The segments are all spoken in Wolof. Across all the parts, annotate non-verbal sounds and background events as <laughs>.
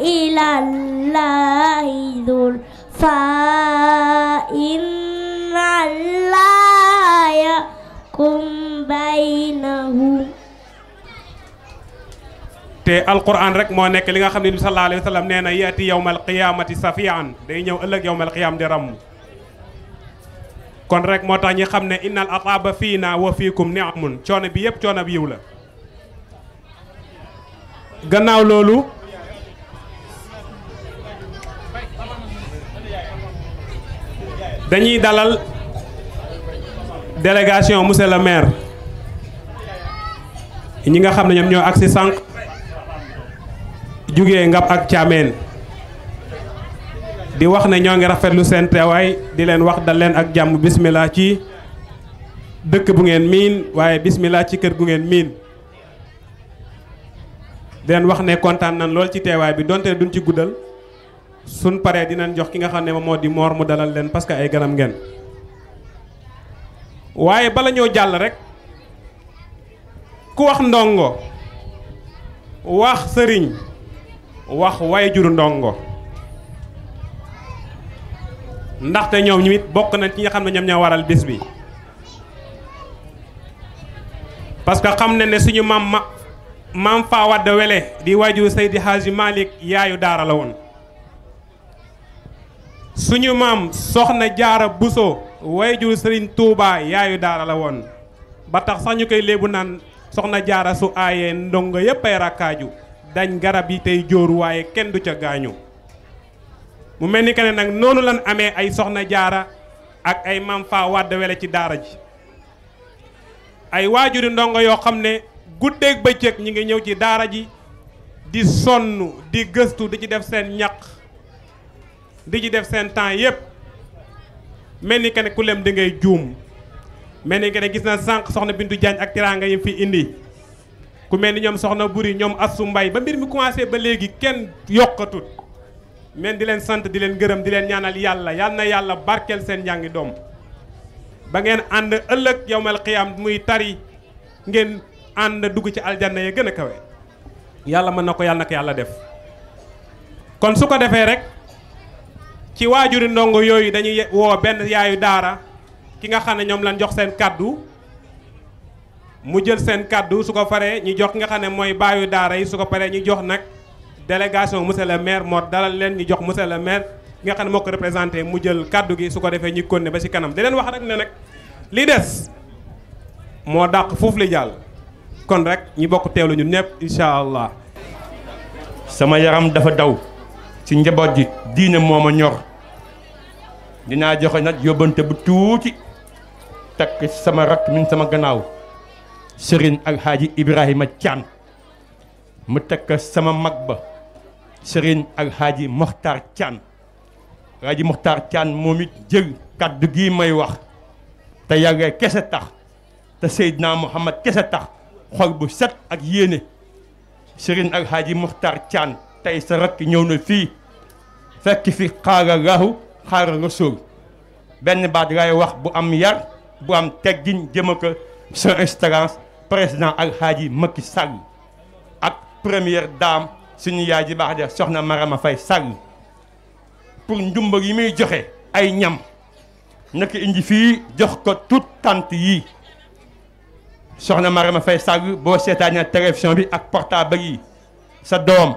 إلى الله ذلفى إن kum يحكم te alquran rek mo nek li nga xamni ne sallallahu alaihi wasallam neena yati yawmal qiyamati safian day ñew ëllëg yawmal qiyam di ram kon rek motax ñi xamne innal ataba fina wa fiikum ni'amun coono bi yëpp coono bi yiwla gannaaw loolu dañuy dalal délégation monsieur le maire ñi nga xam ne ñoom ñoo agsi sànq jóge ngab ak caameen di wax ne ñoo ngi rafetlu seen teewaay di leen wax dal leen ak jàmm bismillah ci dëkk bu ngeen miin waaye bismillah ci kër gu ngeen miin di leen wax ne kontaan nan lool ci teewaay bi donte duñ ci guddal suñ paree dinañ jox ki nga xam ne moom moo di moor mu dalal leen parce que ay ganam ngeen waaye bala ñëw jàll rek ku wax ndongo wax sëriñ wax wayjuru ndongo ndaxte ñoom ñu it bokk nañ ci nga xam ne ñoom ñoo waral bés bi parce que xam na ne suñu maam ma maam Fawade Wele di wayjuru Seydi Hadji Malick yaayu daara la woon suñu maam soxna jaara buso wayjur sëriñ Touba yaayu daara la woon ba tax sax ñu koy léebu naan soxna jaara su aayee ndongo yépp ay rakkaaju dañ garab yi tey jóoru waaye kenn du ca gaañu mu mel ni keneen ne nag noonu lan amee ay soxna jaara ak ay maam faa wàdd wele ci daara ji ay waajuri ndongo yoo xam ne guddeeg bëccëg ñi ngi ñëw ci daara ji di sonn di gëstu di ci def seen ñaq di ci def seen temps yëpp mel ni que ne ku lem di ngay juum mel ni que ne gis na sànq soxna bindu Diagne ak tiraanga yi fi indi ku mel ni ñoom soxna buri ñoom Assou mbay ba mbir mi commencé ba léegi kenn yokkatut men di leen sant di leen gërëm di leen ñaanal yàlla yal na yàlla barkeel seen njàngi doom ba ngeen ànd ëllëg yowmal xiyaam muy tari ngeen ànd dugg ci aljanna ya gën a kawe yàlla mën na ko yàlla na ko yàlla def kon su ko defee rek ci waajuri ndongo yooyu dañuy woo benn yaayu daara ki nga xam ne ñoom lañ jox seen kàddu mu jël seen kàddu su ko paree ñu jox ki nga xam ne mooy baayu daara yi su ko paree ñu jox nag délégation monsieur le maire moo dalal leen ñi jox monsieur le maire ki nga xam ne moo ko représenté mu jël kàddu gi su ko defee ñu konne ba ci kanam di leen wax rek ne nag li des moo dàq foofu li jàll kon rek ñi bokk teewlu ñun ñëpp incha allah. sama yaram dafa daw ci njaboot ji diine moo ma ñor. dinaa joxe nag yóbbante bu tuuti takk sama rakk min sama gannaaw sëriñ alxaaji ibrahima Thiam mu takk sama mag ba sëriñ alxaaji moxtaar Thiam alxaaji moxtaar Thiam moom it jël kàddu gi may wax te yàlla kese tax te seydina muhammad kese tax xol bu set ak yéene sëriñ alxaaji moxtaar Thiam tey sa rakk ñëw na fii fekk fi xaalallahu xaaral nga sóor benn baat ngay wax bu am yar bu am teggin jëm ko son excellence président Alxaaji Macky Sall ak première dame suñu yaay ji baax de soxna Marama fay Sall pour njumbag yi muy joxe ay ñam naka indi fii jox ko tout tant yi soxna Marama fay Sall boo seetaanee télévision bi ak portable yi sa doom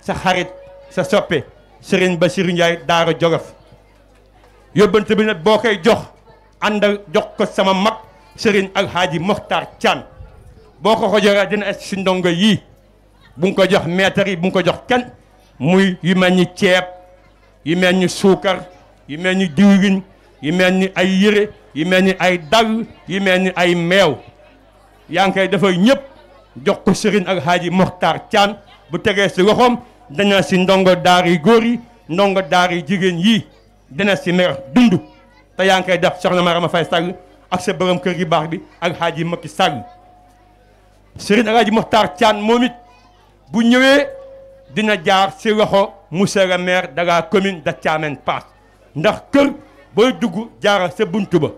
sa xarit sa soppe Serigne Bassirou Ndiaye Daara Jolof yóbbante bi nag boo koy jox ànd ak jox ko sama mag sëriñ ak yi Moxtaar Caan boo ko ko joxee dina es si ndongo yii bu nga ko jox meetar yi bu nga ko jox kenn muy yu mel ni ceeb yu mel ni suukar yu mel ni diwlin yu mel ni ay yére yu mel ni ay dàll yu mel ni ay meew yaa ngi koy dafay ñëpp jox ko sëriñ ak yi Moxtaar Caan bu tegee ci loxoom dana si ndongo daari góor yi ndongo daari jigéen yii dina si mer dund te yaa ngi koy def soxna Marama Faye Sall ak sa borom kër gi baax bi ak Hadji Macky Sall Serigne El ji Mokhtar Thiam moom it bu ñëwee dina jaar si loxo mu le maire de la commune de Thiamène Pass ndax kër booy dugg jaaral sa bunt ba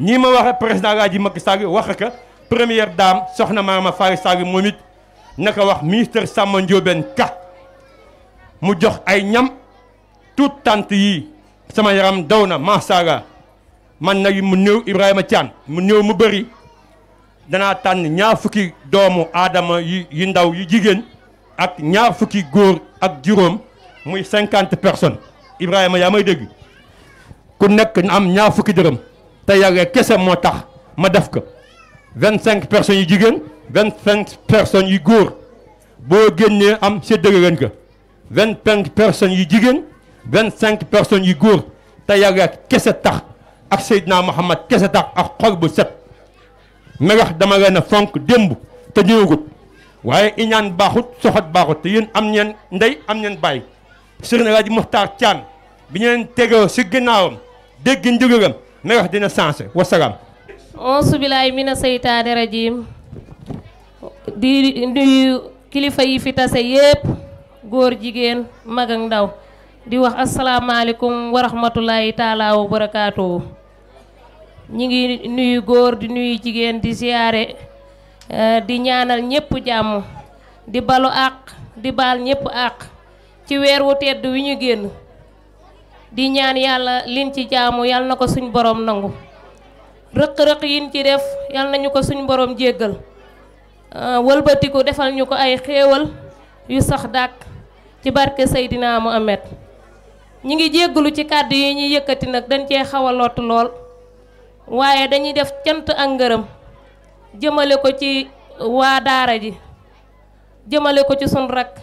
ñi ma waxe président El Hadji Macky Sall waxe ka première daam soxna Marama Faye Sall moom it ko wax ministre Samba Ndiobène Ka mu jox ay ñam. tout tante yi sama yaram dawna ma saga man nak mu new ibrahima tian mu new mu beuri dana tan ñaar fukki doomu adama yi yu ndaw yi jigen ak ñaar fukki góor ak jurom muy 50 personnes ibrahima ya may deug ku nek am ñaar fukki deureum te yàlla kesse moo tax ma def ko 25 personnes yi jigen 25 personnes yi góor bo genné am séddale leen ko 25 personnes yi jigen 25 personnes yu góor te yàlla kese tax ak Seydina Muhammad kese tax ak xol bu set melax dama leen a fonk démb te ñëwagut waaye iñaan baaxut soxot baaxut te yéen am ñeen ndey am ñeen bàyyi Serigne Alaaji Muxtaar Thiam bi ñeen tegoo si ginnaawam dégg ndigalam melax dina sensé wasalaam onsu bilaay mina seytaane rajim di nuyu kilifa yi fi tase yépp góor jigéen mag ak ndaw di wax warahmatullahi wa rahmatullahi taala wa barakatuh ñi ngi nuyu goor di nuyu jigen di ziaré eh, di ñaanal ñepp jamm di balu ak di bal ñepp ak. ci wër wu tedd wi ñu genn di ñaan yalla liñ ci jaamu yalla nako suñ borom nangu rek rek yin ci def yalla nañu ko suñ borom jéggal eh, wëlbatiku defal ñuko ay xéewal yu sax dàkk ci barké sayidina Muhammad ñi ngi jéggalu ci kàddu yi ñuy yëkkati nag dañ cee xaw a lott lool waaye dañuy def cant ak ngërëm jëmale ko ci waa daara ji jëmale ko ci sun rak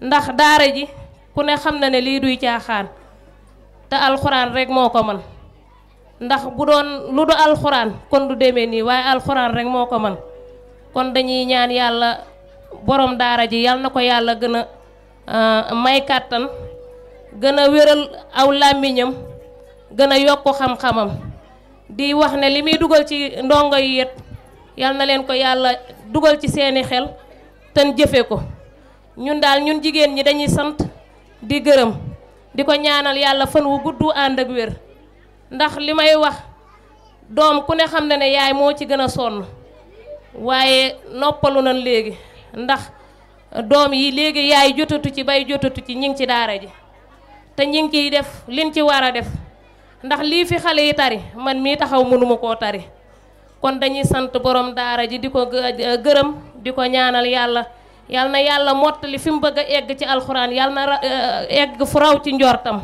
ndax daara ji ku ne xam na ne lii duy caaxaan te alxuraan rek moo ko man ndax bu doon lu du alxuraan kon du deme nii waaye alxuraan rek moo ko man kon dañuy ñaan yàlla borom daara ji yàlla na ko yàlla gën a euh, may kàttan gën a wéral aw làmmiñam gën a yokk xam-xamam di wax ne li muy dugal ci ndongo yi yet yal na leen ko yàlla dugal ci seeni xel ten jëfe ko ñun daal ñun jigéen ñi dañuy sant di gërëm di ko ñaanal yàlla fan wu gudd ànd ak wér ndax li may wax doom ku ne xam na ne yaay moo ci gën a sonn waaye noppalu nañ léegi ndax doom yi léegi yaay jotatu ci bay jotatu ci ñi ngi ci daara ji te ñu ngi ciy def liñ ci war a def ndax lii fi xale yi tari man mii taxaw mënuma koo tari kon dañuy sant borom daara ji di ko gërëm di ko ñaanal yàlla yàlla na yàlla mottali fi mu bëgg a egg ci alxuraan yàlla na euh, euh, egg fu raw ci njortam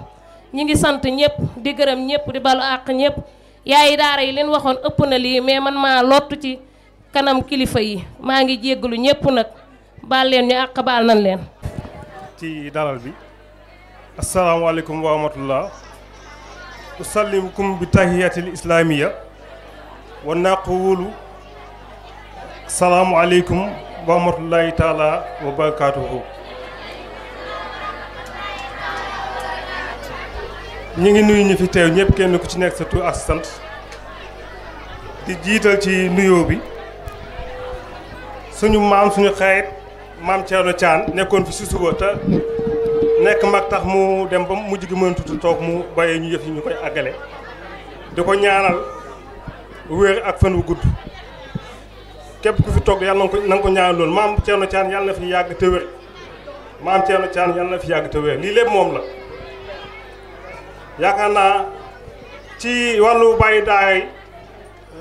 ñi ngi sant ñëpp di gërëm ñëpp di balu àq ñëpp yaayi daara yi leen waxoon ëpp na lii mais man maa lottu ci kanam kilifa yi maa ngi jéggalu ñëpp nag baal leen ñu àq baal nañ leen. ci dalal bi. asalaamaaleykum wa rahmatullah usallimukum bi tahiyatil islaamiya wa naqulu salaamualeykum wa rahmatullahi taala wa barakaatuhu ñu ngi nuyu ñu fi teew ñëpp kenn ku ci nekk sa tur ak di jiital ci nuyoo bi suñu maam suñu xarit maam Thierno Thian nekkoon fi si suba nekk mag tax mu dem ba mujj gi mënatutu toog mu bàyyi ñu yëf yi ñu koy àggale di ko ñaanal wér ak fan wu gudd képp ku fi toog yàlla na ko na ko ñaanal lool maam Thierno Thian yàlla na fi yàgg te wér maam Thierno Thian na fi yàgg te lii lépp moom la yaakaar naa ci wàllu bàyyi daay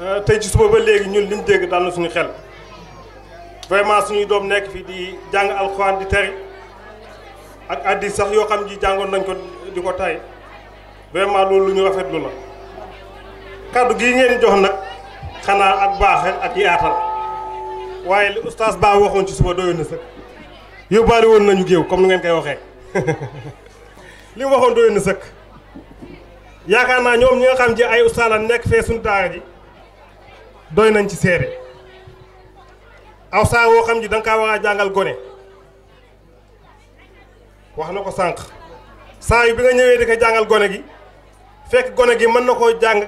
euh, tey ci suba ba léegi ñun liñ dégg dal suñu xel vraiment suñuy doom nekk fi di jàng alxuraan di tari ak àddi sax yoo xam ji jàngoon nañ ko di ko tay vraiment loolu lu ñu lu la kàddu gi ngeen jox nag xanaa ak baaxe ak yaatal waaye li oustaz Ba waxoon ci suba doyoon na woon nañu géew comme nu ngeen koy waxee <laughs> li waxoon doyoon na sëkk yaakaar naa ñoom ñi nga xam ji ay oustaz la nekk fee suñu daara ji doy nañ ci seere aw saa woo xam ji danga nga kaa war a jàngal gone wax na ko sànq saa yu bi nga ñëwee di jàngal gone gi fekk gone gi mën na koo jàng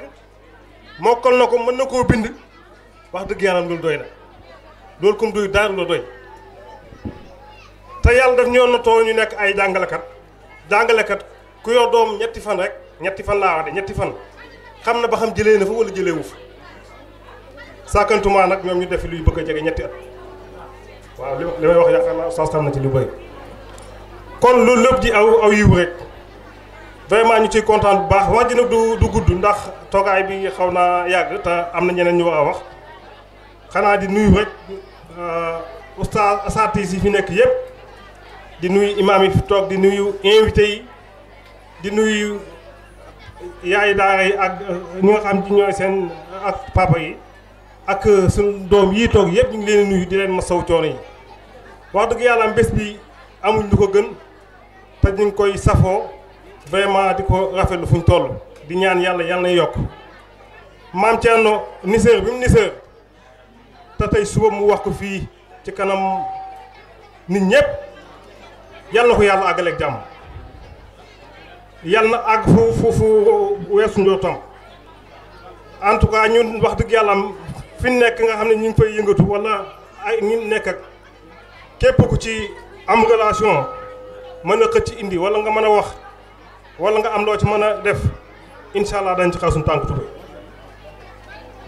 mokkal na ko mën na koo bind wax dëgg yàlla loolu doy na loolu comme doy daaru doy te yàlla def daf na natoo ñu nekk ay jàngalekat jàngalekat ku yor doom ñetti fan rek ñetti fan laa wax de ñetti fan xam na ba xam jëlee na fa wala jëlee wu fa sàkkantuma nag ñoom ñu def luy bëgg a jege ñetti at waaw li may wax yaakaar naa saas xam na ci lu bari kon loolu lépp di aw aw yiw rek vraiment ñu ciy kontaan bu baax wax ji nag du du gudd ndax toogaay bi xaw naa yàgg te am na ñeneen ñu war a wax xanaa di nuyu rek euh, oustaz asatis yi fi nekk yëpp di nuyu imaam yi fi toog di nuyu invité yi di nuyu yaay daara yi ak euh, ñi nga xam ñooy seen ak papa yi ak euh, suñu doom yi toog yëpp ñu ngi leen nuyu di leen ma saw coono yi wax dëgg yàlla mbés bi amuñ lu ko gën te ñu ngi koy safoo vraiment diko ko rafetlu fu ñu toll di ñaan yalla yàlla na yokk maam Thierno niseur bi mu niseur ta tay suba mu wax ko fi ci kanam nit ñëpp yalla ko yalla àggaleeg jàmm yàlla na fu fu fu weesu en tout cas ñun wax dëgg yalla fi nekk nga xam ñing fay yëngatu wala ay ñi nekk ak képp ku ci am relation. mën a xëcc indi wala nga mën a wax wala nga am loo ci mën a def incha allah dañ ci xaw suñu tànk tubé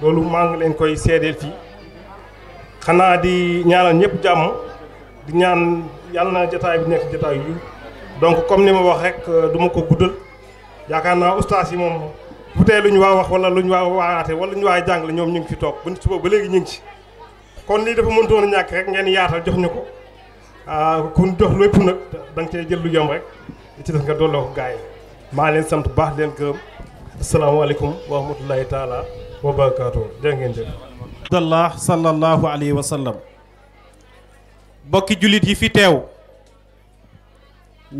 loolu maa ngi leen koy seedeel fii xanaa di ñaanal ñëpp jàmm di ñaan yàlla naa jataay bi nekk jataay yu donc comme ni ma wax rek euh, du ma ko guddal yaakaar naa ustaas yi moom bu tee lu ñu waa wax wala lu ñu waa waayaate wala lu ñu waa jàng la ñoom ñu ngi fi toog bu suba ba léegi ñu ngi ci kon lii dafa mëntoon a ñàkk rek ngeen yaatal jox ñu ko Ah, kun jox lépp nag da nga jël lu yomb rek li ci des nga dolloo ko gars yi baax leen gërëm asalaamaaleykum wa rahmatulahi taala wa barakaatu bokki jullit yi fi teew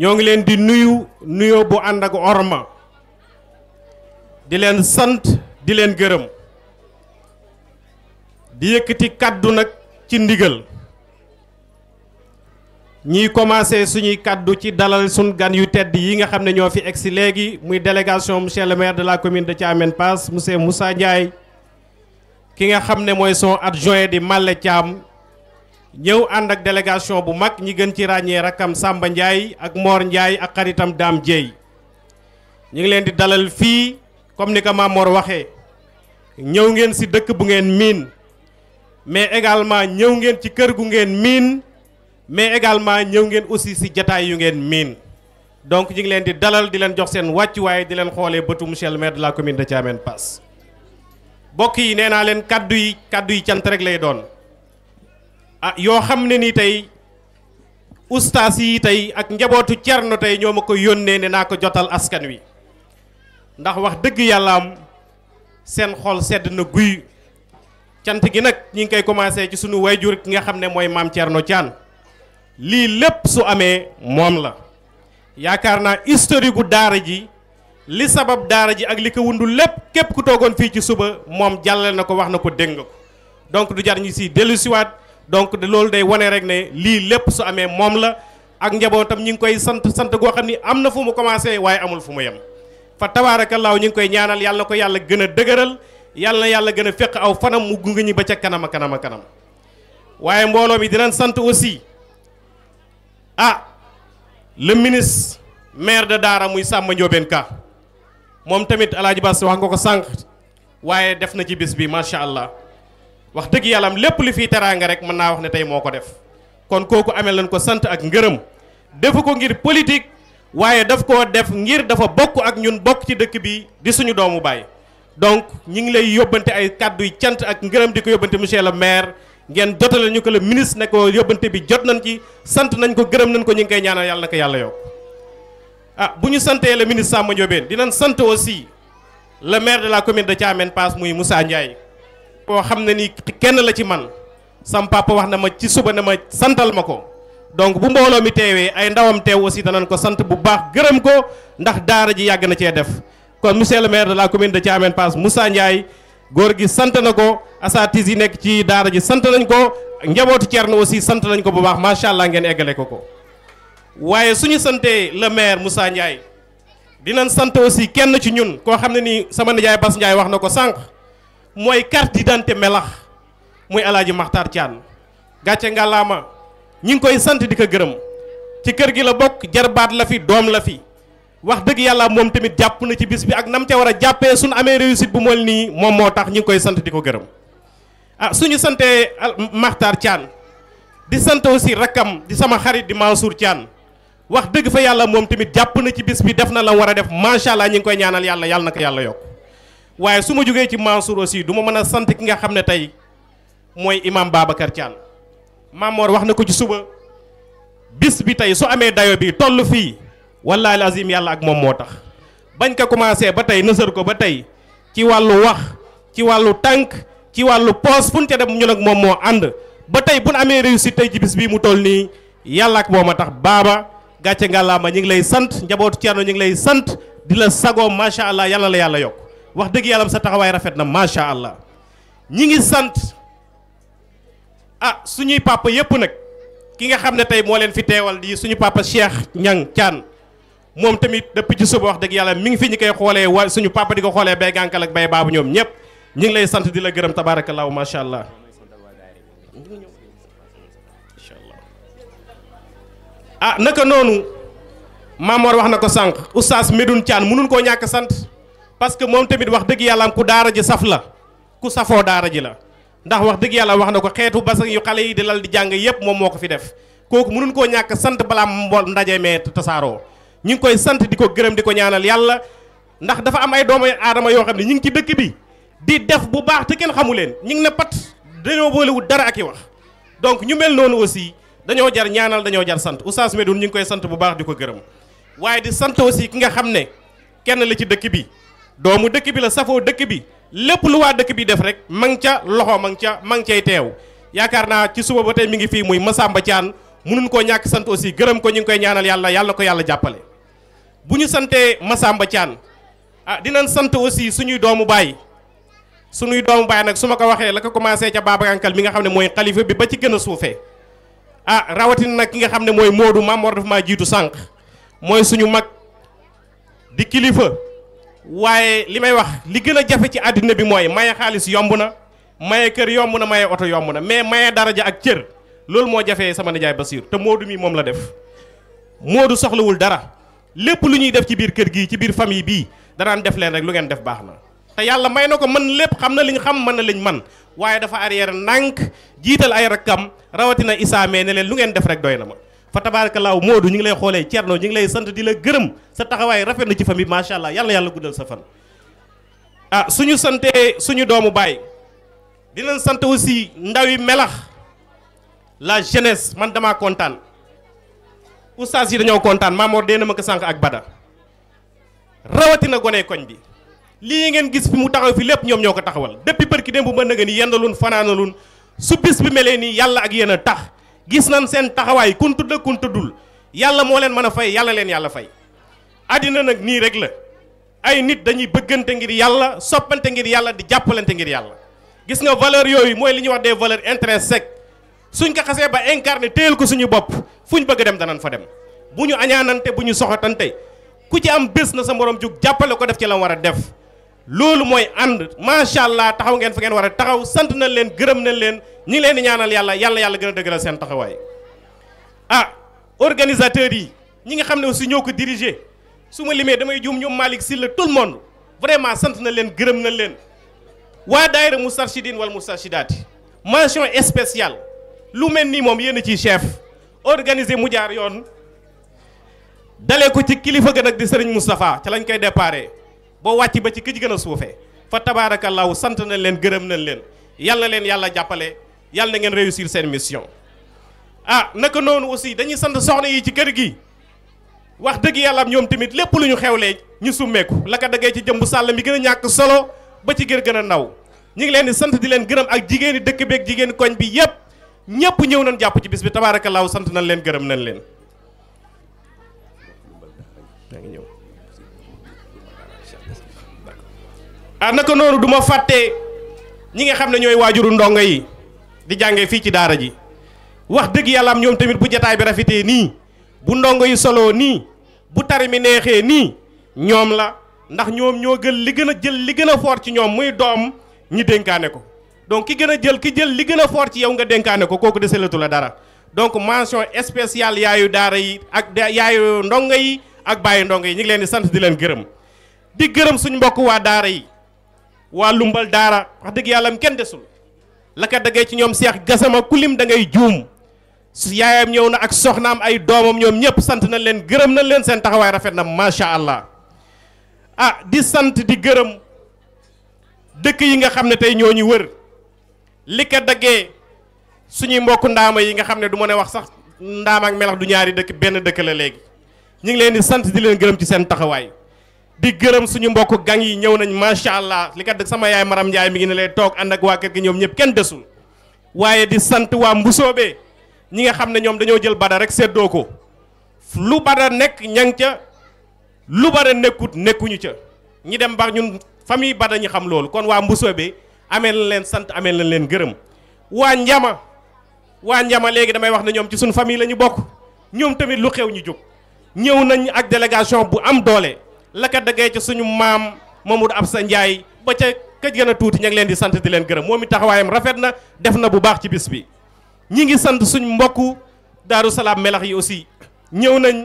ñoo ngi leen di nuyu nuyoo bu ànd ak orma di leen sant di leen gërëm di yëkkati kàddu nag ci ndigal ñiy commencé suñuy kàddu ci dalal suñ gan yu tedd yi nga xam ne ñoo fi egsi léegi muy délégation monsieur le maire de la commune de Thiamène Pass monsieur Moussa Ndiaye ki nga xam ne mooy son adjoint di Malle Thiam ñëw ànd ak délégation bu mag ñi gën ci ràññee rakkam sàmba Ndiaye ak moor Ndiaye ak xaritam Dame Dieye ñu ngi leen di dalal fii comme ni ko Mamor waxee ñëw ngeen si dëkk bu ngeen miin mais également ñëw ngeen ci kër gu ngeen miin mais également ñëw ngeen aussi si jataay yu ngeen miin donc ñu ngi leen di dalal di leen jox seen wàccuwaay di leen xoolee bëtu monsieur le maire de la commune de Thiamène Pass mbokk yi nee naa leen kàddu yi kàddu yi cant rek lay doon ah yoo xam ne ni tey ustaas yi tey ak njabootu cerno tey ñoo ma ko yónnee ne naa ko jotal askan wi ndax wax dëgg yàlla am seen xol sedd na guy cant gi nag ñi ngi koy commencé ci sunu jur ki nga xam ne mooy maam cerno Thian lii lépp su amee moom la yaakaar naa historique gu daara ji li sabab daara ji ak li ko wundu lépp képp ku toogoon fii ci suba moom jàllale na ko wax na ko dégg nga ko donc du jar ñu si dellusiwaat donc loolu day wane rek ne lii lépp su amee moom la ak njabootam ñi ngi koy sant sant goo xam ni am na fu mu commencé waaye amul fu mu yem fa tabaarakallaahu ñu ngi koy ñaanal yàlla ko yàlla gën a dëgëral yàlla yàlla gën a fekk aw fanam mu gunge ñi ba ca kanam a kanam a ah le ministre maire de Daara muy sàmm Ndiobène Ka moom tamit Alaaji Bass wax nga ko sànq waaye def na ci bis bi macha allah wax dëgg yàlla lépp li fiy teraanga rek mën naa wax ne tey moo ko def kon kooku amee lañ ko sant ak ngërëm defu ko ngir politique waaye daf koo def ngir dafa bokk ak ñun bokk ci dëkk bi di suñu doomu baay donc ñi ngi lay yóbbante ay kàddu yu cant ak ngërëm di ko yóbbante monsieur le maire. ngeen jotale ñu ko le ministre ne ko yobante bi jot nañ ci sant nañ ko gërem nañ ko ñing kay ñaanal yalla na yalla yàlla ah buñu ñu le ministre Samba Ndiobène dinañ sant aussi le maire de la commune de Thiamène Pass muy Moussa Ndiaye koo xamne ni kenn la ci man sam papa wax na ma ci suba na ma santal mako dong donc bu mbolo mi teewee ay ndawam teew aussi danañ ko sant bu baax gërem ko ndax daara ji yag na ci def kon monsieur le maire de la commune de Thiamène Pass Moussa Ndiaye góor gi sant na ko asatis yi nekk ci daara ji sant nañ ko njabootu na aussi sant nañ ko bu baax macha allah ngeen eggale ko ko waaye suñu santee le maire Moussa Ndiaye dinañ sant aussi kenn ci ñun koo xam ne nii sama nijaay Bas Ndiaye wax na ko sànq mooy carte d'identité melax muy alaaji Maxtaar Thian gàcce ngàllaama ñi ngi koy sant di ko gërëm ci kër gi la bokk jarbaat la fi doom la fi wax dëgg yàlla moom tamit jàpp na ci bis bi ak nam ca war a jàppee suñu amee réussite bu mel nii moom tax ñu koy sant di ko gërëm ah suñu santee Makhtar Thian di sant aussi rakkam di sama xarit di Mansour Thian wax dëgg fa yàlla moom tamit jàpp na ci bis bi def na la war a def macha allah ñu ngi koy ñaanal yàlla yàlla ko yàlla yokk waaye su ma jógee ci Mansour aussi du ma mën a sant ki nga xam ne tey mooy imam Babacar Thian Mamor wax na ko ci suba bis bi tey su amee dayo bi toll fii. wallahi lazim yàlla ak moom moo tax bañ ko commencé ba tey nësër ko ba tey ci wàllu wax ci wàllu tànk ci wàllu poos fu ñu ca dem ñun moom moo ànd ba tey bu ñu amee réussite tey ci bis bii mu toll nii yàlla ak moom a tax baaba gàcce ngàllaama ñu ngi lay sant njabootu na ñu ngi lay sant di la sagoo macha allah yàlla la yàlla yokk wax dëgg yàlla sa taxawaay rafet na macha allah ñu ngi sant ah suñuy papa yëpp nag ki nga xam ne tey moo leen fi teewal di suñu papa Cheikh Niang Thian moom tamit depuis ci suba wax dëgg yàlla mi ngi fi ñu koy xoolee wa suñu papa di ko xoolee bay gànkal ak bay baabu ñoom ñëpp ñu ngi lay sant di la gërëm tabaarakallaahu macha allah. ah naka noonu Mamor wax na ko sànq oustaz Medoune Thian mënul koo ñàkk sant parce que moom tamit wax dëgg yàlla am ku daara ji saf la ku safoo daara ji la ndax wax dëgg yàlla wax na ko xeetu basa yu xale yi di lal di jàng yépp moom moo ko fi def kooku mënul koo ñàkk sant balaa mbool ndaje mee tasaaroo. ñu ngi koy sant di ko gërëm di ko ñaanal yàlla ndax dafa am ay doomu aadama yoo xam ne ñu ngi ci dëkk bi di def bu baax te kenn xamu leen ñu ngi ne pat dañoo boolewul dara ak i wax donc ñu mel noonu aussi dañoo jar ñaanal dañoo jar sant Oustaz Medoune ñu ngi koy sant bu baax di ko gërëm waaye di sant aussi ki nga xam ne kenn la ci dëkk bi doomu dëkk bi la safoo dëkk bi lépp lu waa dëkk bi def rek ma ngi ca loxo ma ngi ca ma ngi cay teew yaakaar naa ci suba ba tey mi ngi fii muy Massamba Thiane mënuñ koo ñàkk sant aussi gërëm ko ñu ngi koy ñaanal yàlla yàlla ko yàlla jàppale bu ñu santee Masamba Thian ah dinañ sant aussi suñuy doomu baay suñuy doomu baay nag su ma ko waxee la ko commencé ca baabarankal mi nga xam ne mooy xalifa bi ba ci gën a suufee ah rawatin nag ki nga xam ne mooy Modou Mamor dafa maa jiitu sànq mooy suñu mag di kilifa waaye li may wax li gën a jafe ci àddina bi mooy maye xaalis yomb na maye kër yomb na maye oto yomb na mais maye daraja ak cër loolu moo jafe sama nijaay Basiir te Modou mii moom la def Modou soxlawul dara. lépp lu ñuy def ci biir kër gi ci biir famille bii danaan def leen rek lu ngeen def baax na te yàlla may na ko man lépp xam na liñ xam man na liñ man waaye dafa arrière nànk jiital ay rakkam rawatina isaamee ne leen lu ngeen def rek doy na ma fa tabarakalaaw Moodu ñu ngi lay xoolee Thierno ñu ngi lay sant di la gërëm sa taxawaay rafet na ci famille macha allah yàlla yàlla guddal sa fan ah suñu santee suñu doomu baay dinañ sant aussi ndawi melax la jeunesse man damaa kontaan oustaz yi dañoo kontaan Mamor dee na ma ko sànq ak Bada na gone koñ bi lii ngeen gis fi mu taxaw fi lépp ñoom ñoo ko taxawal depuis barki démb mën na nga ni yendalun fanaanalun su bis bi melee ni yàlla ak yéen a tax gis nan seen taxawaay kun tudd kun tuddul yàlla moo leen mën a fay yàlla leen yàlla fay. adina nag nii rek la ay nit dañuy bëggante ngir yàlla soppante ngir yàlla di jàppalante ngir yàlla gis nga valeur yooyu mooy li ñuy wax des valeurs intrinsèques suñ ko xasee ba incarner téyel ko suñu bopp. fu ñu bëgg dem danañ fa dem bu ñu añaanante bu ñu soxotante ku ci am bés na sa morom jóg jàppale ko def ci la war a def loolu mooy ànd macha allah taxaw ngeen fa ngeen war a taxaw sant nañ leen gërëm na leen ñi leen di ñaanal yàlla yàlla yàlla gën a dëgëral seen taxawaay ah organisateurs yi ñi nga xam ne aussi ñoo ko diriger su ma limee damay juum ñoom Malick Sylla tout le monde vraiment sant na leen gërëm na leen waa daayira Moustarchidine wala Moustarchidaty mention spéciale lu mel nii moom yéen ciy chef organiser mu jaar yoon dalee ko ci kilifa gën ak di sëriñ Moustapha ca lañ koy déparé boo wàcc ba ci ki gën a suufee fa law sant nañ leen gërëm nañ leen yàlla leen yàlla jàppale yàlla na ngeen réussir seen mission. ah naka noonu aussi dañuy sant soxna yi ci kër gi wax dëgg yàlla ñoom tamit lépp lu ñu xewlee ñu summeeku la ko dagee ci jëmbu sàll mi gën a ñàkk solo ba ci kër gën a ndaw ñu ngi leen di sant di leen gërëm ak jigéeni dëkk beeg jigéen koñ bi yépp ñepp ñew nañ japp ci bis bi tabarakallah sant nañ leen gëreem nañ leen ah naka nonu duma ma ñi nga xamne ñoy ñooy ndonga yi di jàngee fii ci daara ji wax dëgg yàlla am ñoom tamit bu jataay bi rafetee nii bu ndongo yi soloo nii bu tari mi neexee nii ñoom la ndax ñoom ñoo gën li gën a jël li gën a ci ñoom muy doom ñi dénkaane ko donc ki gën a jël ki jël li gën a fort ci yow nga dénkaane ko kooku deselatu la dara donc mention espécial yaayu daara yi ak yaayu ndongo yi ak bàyyi ndongo yi ñu ngi leen di sant di leen gërëm di gërëm suñ mbokk waa daara yi waa lumbal daara wax dëgg yàlla kenn desul la ka ci ñoom Cheikh Gassama kulim da juum yaayam ñëw na ak soxnaam ay doomam ñoom ñëpp sant nañ leen gërëm nañ leen seen taxawaay rafet na macha allah ah di sant di gërëm dëkk yi nga xam ne tey ñoo ñu wër. li ko daggee suñuy mbokk ndaama yi nga xam ne du ma ne wax sax ndaama ak melax du ñaari dëkk benn dëkk la léegi ñu ngi leen di sant di leen gërëm ci seen taxawaay di gërëm suñu mbokk gang yi ñëw nañ macha allah li kat dëgg sama yaay maram Ndiaye mi ngi ne lay toog ànd ak waa kër gi ñoom ñëpp kenn desul waaye di sant waa mbusoobe ñi nga xam ne ñoom dañoo jël bada rek seddoo ko lu bada nekk ñang ca lu bada nekkut nekkuñu ca ñi dem ba ñun fami bada ñu xam loolu kon waa mbusoobe amee na leen sant amee na leen gërëm waa njama waa njama léegi damay wax na ñoom ci suñu famille la ñu bokk ñoom tamit lu xew ñu jóg ñëw nañ ak délégation bu am doole la ka dëggee ci suñu maam Mamadou sa Ndiaye ba ca këj gën tuuti ñu ngi leen di sant di leen gërëm moom i taxawaayam rafet na def na bu baax ci bis bi ñi ngi sant suñ mbokku Daaru Salaam melax yi aussi ñëw nañ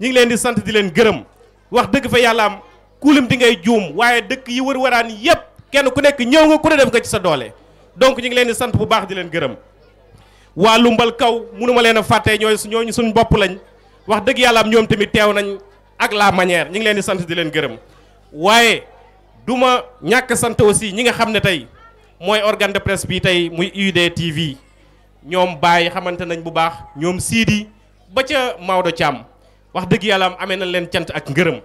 ñi ngi leen di sant di leen gërëm wax dëgg fa yàlla am kulim di ngay juum waaye dëkk yi wër waraan yépp kenn ku nekk ñëw nga ku ne def nga ci sa doole donc ñu ngi leen di sant bu baax di leen gërëm waa Lumbal kaw mënuma leen a fàtte ñooy ñu suñ bopp lañ wax dëgg yàlla am ñoom tamit teew nañ ak la manière ñu ngi leen di sant di leen gërëm waaye du ma ñàkk sant aussi ñi nga xam ne tey mooy organe de presse bi tey muy UD TV ñoom bàyyi xamante nañ bu baax ñoom siidi ba ca Maodo Thiam wax dëgg yàlla am amee nañ leen cant ak ngërëm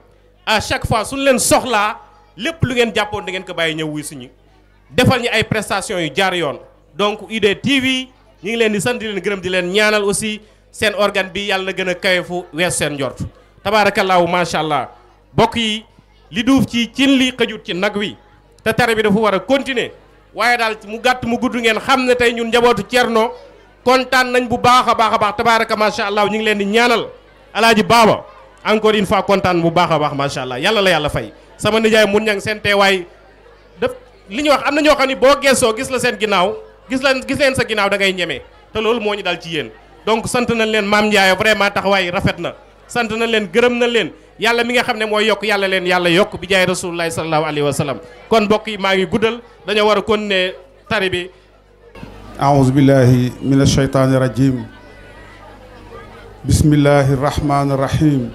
à chaque fois suñ lépp lu ngeen jàppoon da ngeen ko bàyyi ñëw wii suñu defal ñu ay prestations yu jaar yoon donc UD TV ñu ngi leen di sant di leen gërëm di leen ñaanal aussi seen organe bi yàlla gën a kawe fu wees seen njort laaw macha allah mbokk yi li duuf ci cin li xëjut ci nag wi te tare bi dafa war a continuer waaye daal mu gàtt mu gudd ngeen xam ne tey ñun njabootu noo kontaan nañ bu baax a baax a baax tabaaraka macha allah ñu ngi leen di ñaanal alaaji baaba encore une fois kontaan bu baax a baax macha allah yàlla la yàlla fay. sama nijaay mun ñang seen waaye daf li ñuy wax am na ñoo xam ni boo geesoo gis la seen ginnaaw gis la gis leen sa ginnaaw da ngay ñeme te loolu moo ñu dal ci yéen donc sant nañ leen maam Ndiaye vraiment taxawaay rafet na sant na leen gërëm na leen yàlla mi nga xam ne mooy yokk yàlla leen yàlla yokk bi jaay rasulullahi sallallahu alayhi wa sallam kon mbokk yi maa ngi guddal dañoo war a kon continuer tari bi aouzu billahi min ashaytaani rajim bismillahi rahmaani rahim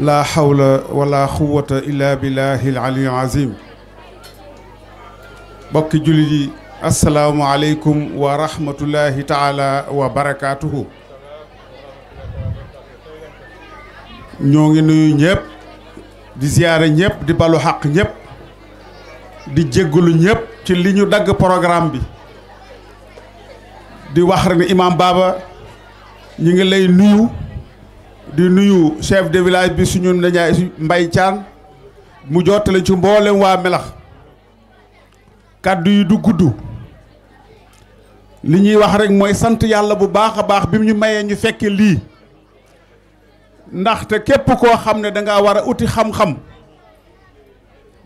لا حول ولا قوة إلا بالله العلي العظيم بك جلدي السلام عليكم ورحمة الله تعالى وبركاته نيوغي نيو نيب دي زيارة نيب دي بالو حق نيب دي جيغلو نيب تي لي نيو داغ بروغرام بي دي واخرني امام بابا نيغي لي نيو di nuyu chef de village bi suñu nañaay mbay caan mu jottale ci mboolem waa melax kàddu yi du gudd li ñuy wax rek mooy sant yàlla bu baax a baax bi mu ñu mayee ñu fekke lii ndaxte képp koo xam ne danga war a uti xam-xam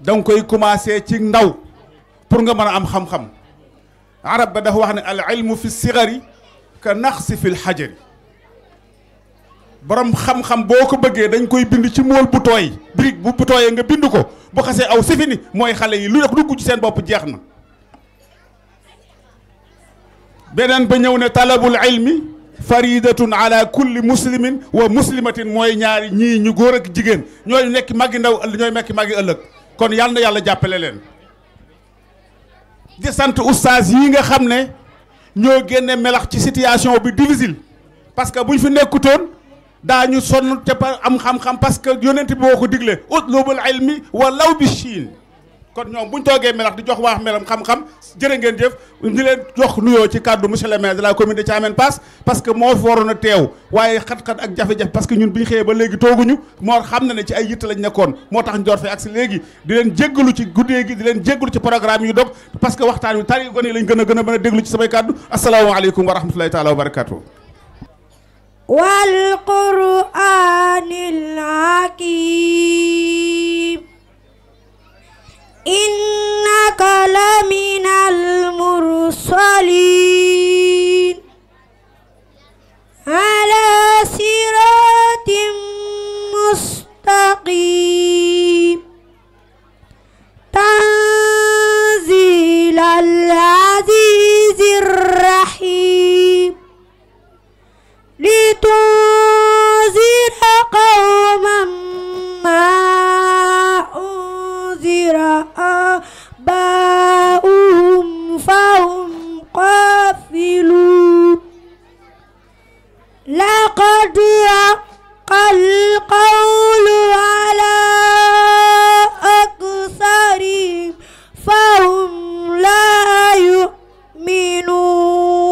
danga koy commencé ci ndaw pour nga mën a am xam-xam arab ba dafa wax ne al ilmu fi sigari ka naxsi fil xajari borom xam-xam boko beugé dañ koy bind ci mol bu toy brik bu bu toy nga bind ko bu xasse aw sifini moy xale yi lu rek duggu ci sen bop jeexna benen ba ñëw ne talabul ilmi faridatun ala kulli muslimin wa muslimatin moy ñaari ñi ñu góor ak jigen ñoy nekk magi ndaw ñoy mekk magi ëlëk kon yalla yàlla jàppale len di sante oustaz yi nga xamne ñoo génne melax ci situation bi difficile parce que buñ fi nekkutoon daa ñu sonn te am xam-xam parce que yonent bi boo ko digle utlubul ilmi walaw bi chiin kon ñoom bu ñu toogee melax di jox waax melam xam-xam jërë ngeen jëf ñu leen jox nuyoo ci kàddu monsieur le maire de la commune de Thiamène Pass parce que moo fi waroon a teew waaye xat-xat ak jafe-jafe parce que ñun bi ñu xëyee ba léegi tooguñu moo xam na ne ci ay yitte lañ nekkoon moo tax ñu door fee ak si léegi di leen jéggalu ci guddee gi di leen jéggalu ci programme yu dog parce que waxtaan wi tari gone lañ gën a gën a mën a déglu ci samay kàddu asalaamaaleykum wa rahmatulahi taala والقرآن الحكيم إنك لمن المرسلين على صراط مستقيم تنزيل الله لتنذر قوما ما أنذر آباؤهم فهم قافلون لقد حق القول على أكثرهم فهم لا يؤمنون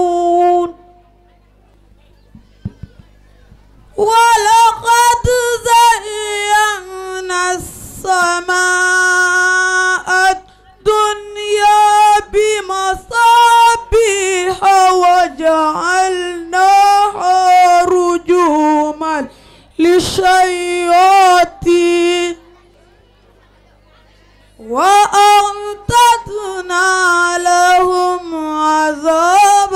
ولقد زينا السماء الدنيا بمصابيح وجعلناها رجوما للشياطين وأعتدنا لهم عذاب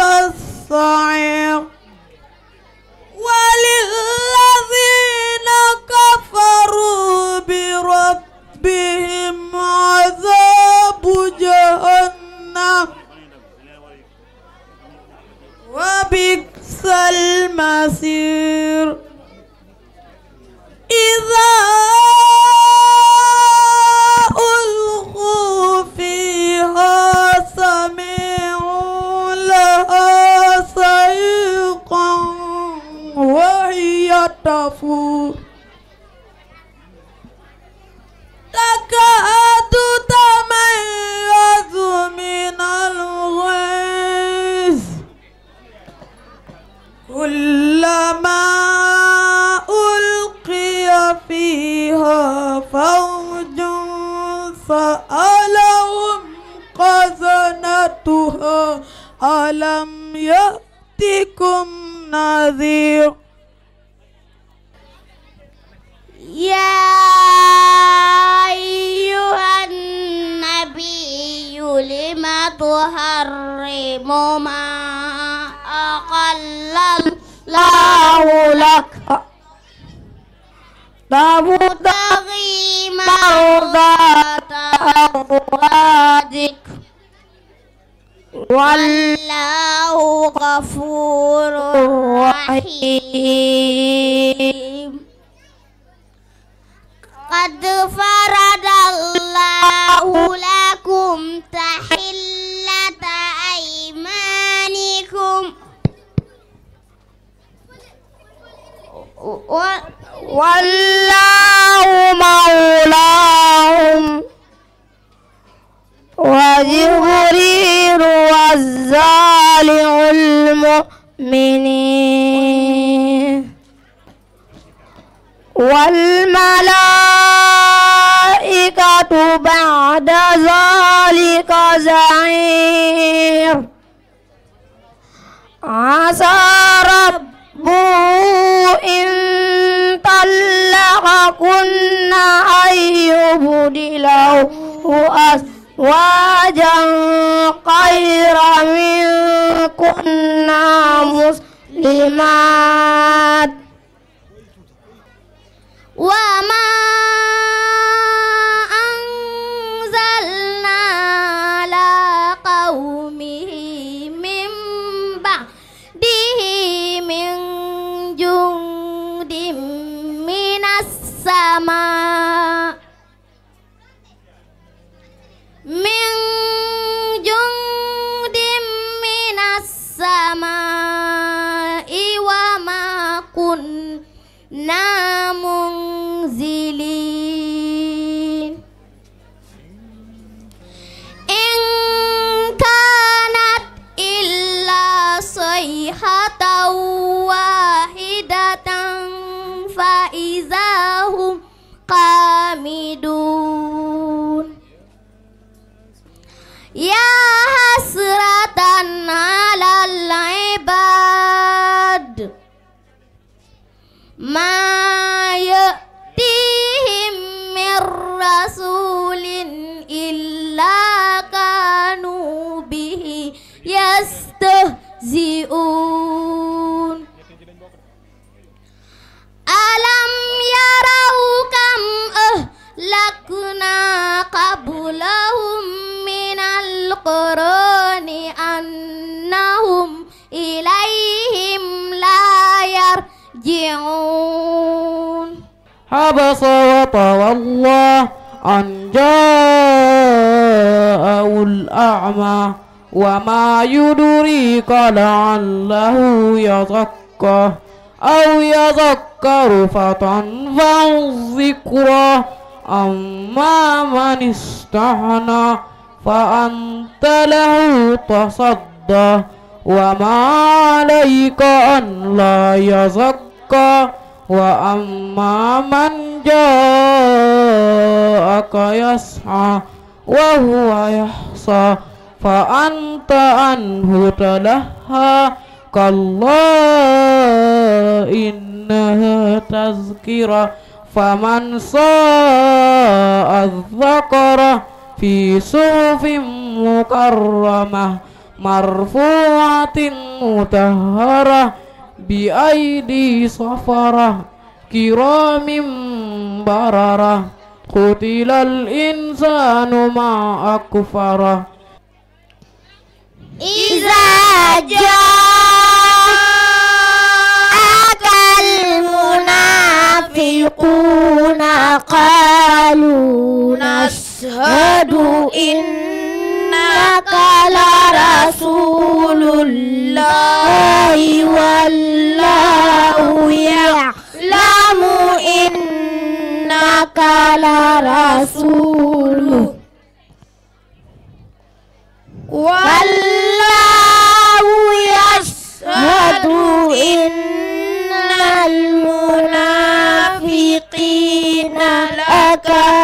الصعير يرجعون حبس الله أن جاءه الأعمى وما يدريك لعله يزكى أو يذكر فتنفع الذكرى أما من استحنى فأنت له تصدى وما عليك أن لا يزكى aka wa amma man jaaka yas'a wa huwa yahsa fa anta anhu tadahha kalla innaha tazkira faman saa adzakara fi sufim mukarramah marfu'atin mutahharah بأيدي صفرة كرام بررة قتل الإنسان ما أكفره إذا جاءك المنافقون قالوا نشهد إن قال رسول الله والله يعلم إنك لرسول والله يشهد إن المنافقين لك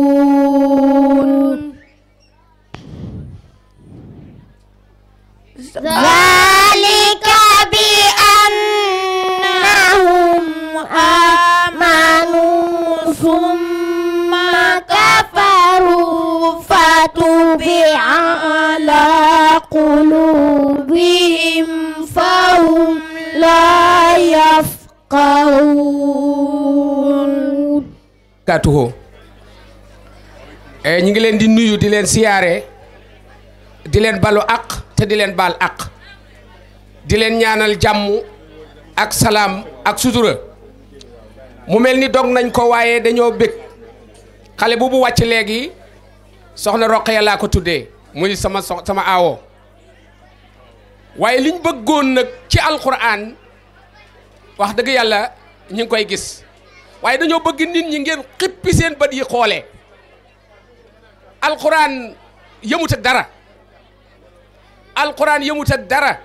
قلوبهم فهم لا eh, ñu ngi leen di nuyu di leen siyaare di leen balu aq te di leen baal aq di leen ñaanal jàmm ak salaam ak sutura mu mel ni dog nañ ko waaye dañoo bëgg xale bu bu wàcc léegi soxna Roqaya laa ko tuddee muy sama sama aawo waaye liñ bëggoon nag ci alxuraan wax dëgg yàlla ñu ngi koy gis waaye dañoo bëgg nit ñi ngeen xippi seen bët yi xoole alxuraan yëmut dara alxuraan yëmut ak dara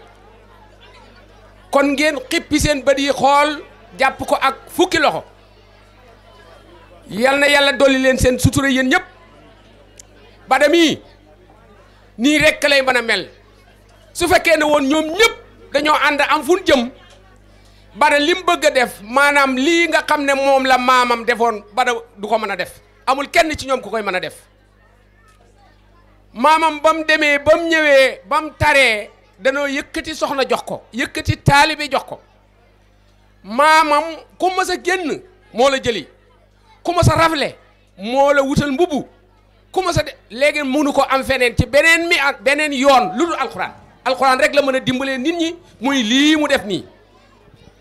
kon ngeen xippi seen bët yi xool jàpp ko ak fukki loxo yal na yàlla dolli leen seen sutura yéen ñëpp badami nii rekk lay mën a mel su fekkee ne woon ñoom ñëpp dañoo ànd am fu ñu jëm bada li mu bëgg a def maanaam lii nga xam ne moom la maamam defoon bara du ko mën a def amul kenn ci ñoom ku koy mën a def maamam bam demee ba ñëwee bam mu taree danoo yëkkati soxna jox ko yëkkati taalibe jox ko maamam ku mas génn moo la jëli ku mas a rafle moo la wutal mbubu ku mas a de léegi mënu ko am feneen ci beneen mi ak beneen yoon lu dul alxuraan alxuraan rek la mën a dimbalee nit ñi muy lii mu def nii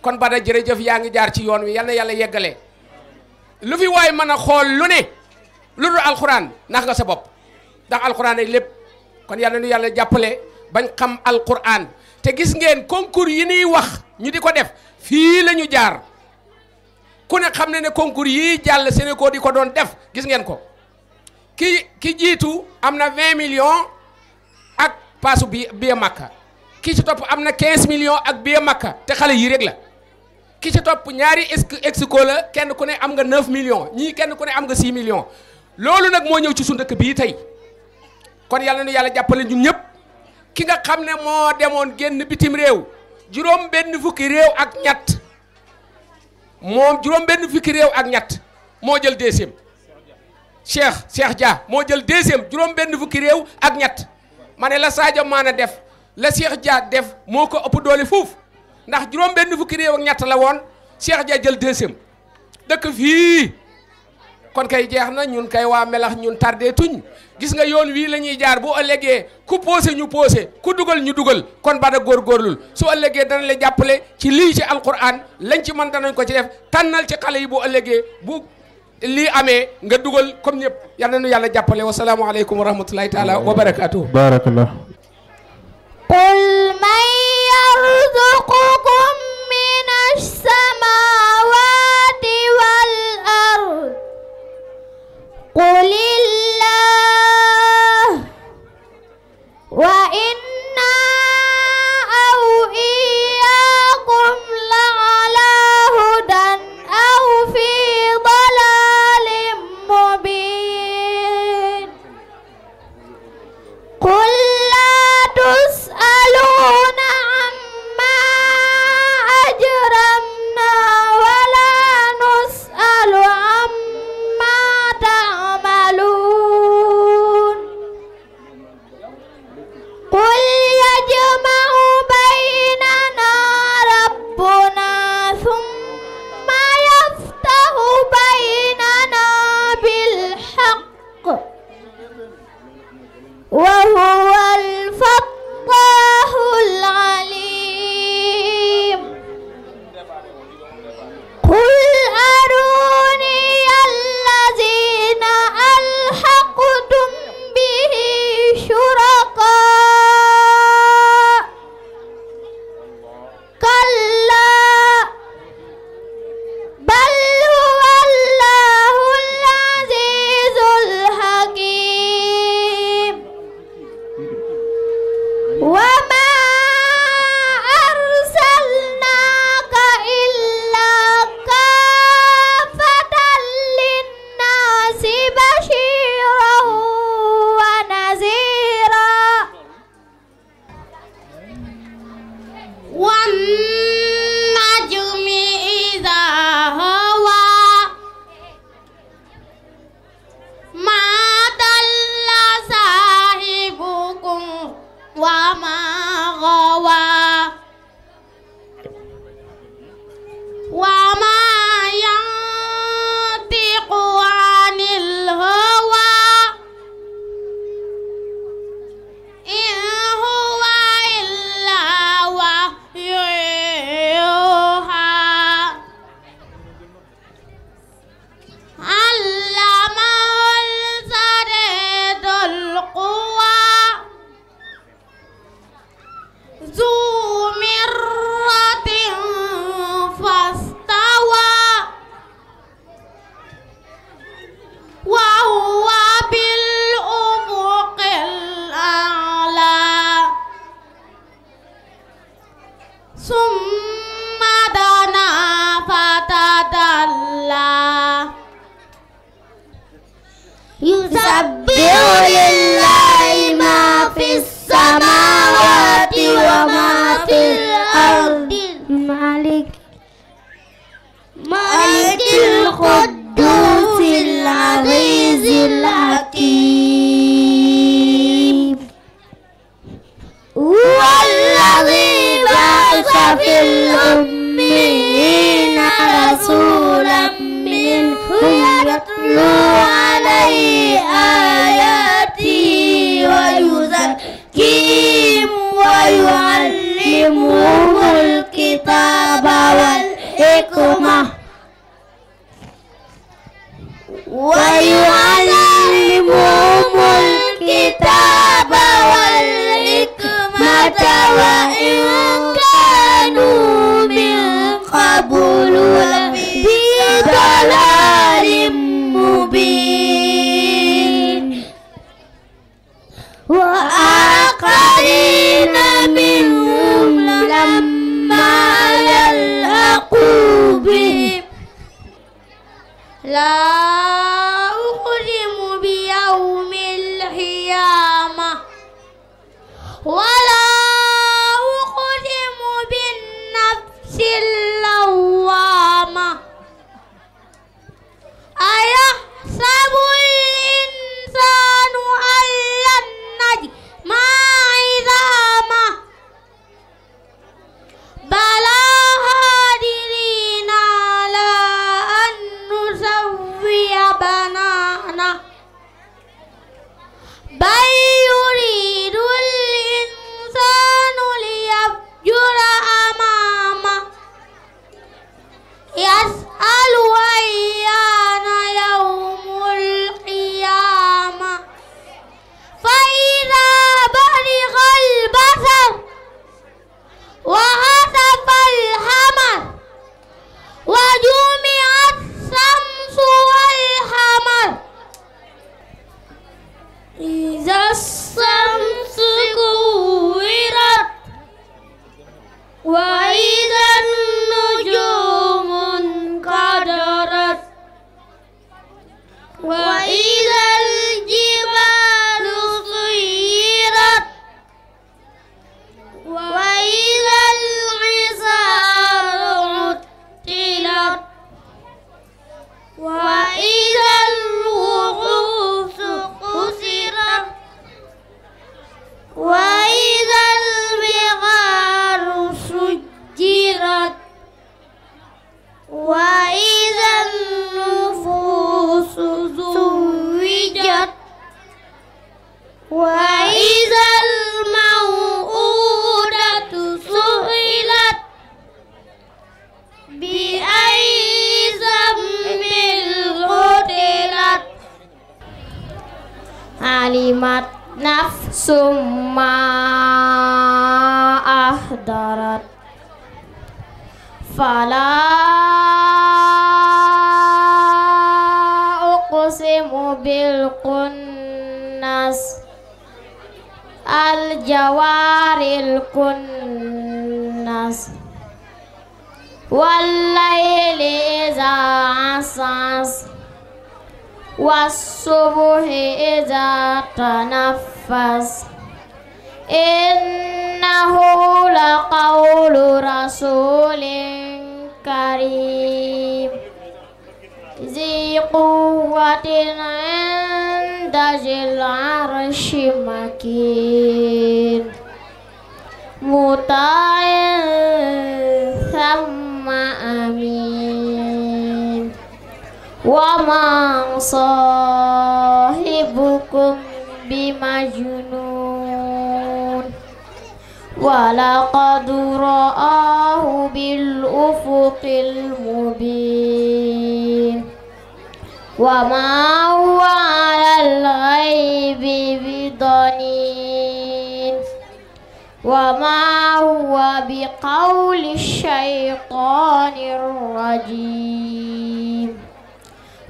kon Bada jërëjëf yaa ngi jaar ci yoon wi yal na yàlla yeggale lu fi waay mën a xool lu ne lu dul alxuraan nax nga sa bopp ndax alxuraan ay lépp kon yal na nu yàlla jàppale bañ xam alxuraan te gis ngeen concours yi nuy wax ñu di ko def fii lañu jaar ku ne xam ne ne concours yii jàll Sénégal di ko doon def gis ngeen ko ki jiitu am na 20 millions. paasu bi biya Makka ki ci topp am na 15 millions ak biya Makka te xale yii rek la ki ci topp ñaari exco la kenn ku ne am nga 9 millions ñii kenn ku ne am nga 6 millions loolu nag moo ñëw ci suñu dëkk bii tey kon yàlla na yàlla jàppale ñun ñëpp ki nga xam ne moo demoon génn bitim réew juróom benn fukki réew ak ñett moom juróom fukki réew ak ñett moo jël deuxième Cheikh Cheikh Dia moo jël deuxième juróom benn fukki réew ak ñett ma ne la Sadio Mané def la Cheikh jaar def moo ko ëpp doole fuuf ndax juróom benn fukki réew ak ñett la woon Cheikh Dia jël deuxième dëkk fii kon kay jeex na ñun kay waa melax ñun tardé tuñ gis nga yoon wii la ñuy jaar boo ëllëgee ku posé ñu posé ku dugal ñu dugal kon ba góor góorgóorlul su ëllëgee dana la jàppale ci lii ci alquran lañ ci mën danañ ko ci def tànnal ci xale yi boo ëllëgee bu lii amee nga dugal comme ñëpp yal na nu yàlla jàppale wa salaamu aleykum wa rahmatullahi taala wa barakaatuhu barakallah qul man yarzuqukum min samawati wal ard qulillah wa inna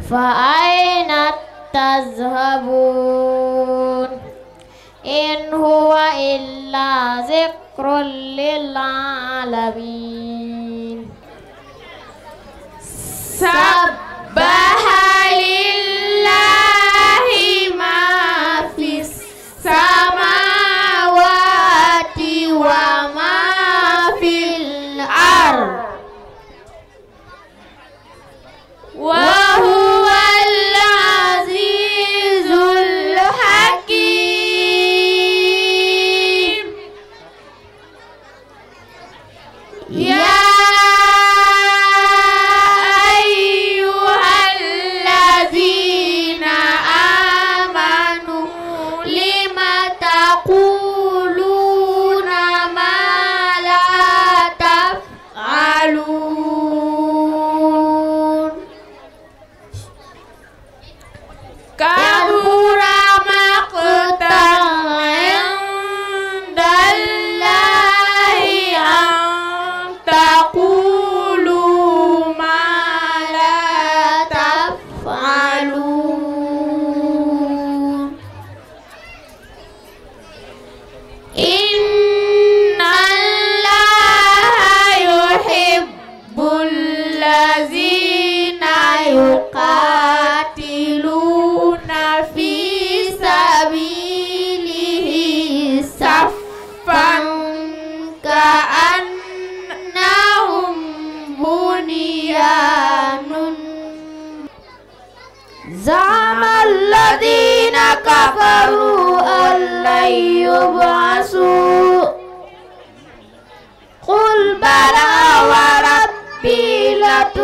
فأين تذهبون إن هو إلا ذكر للعالمين سبح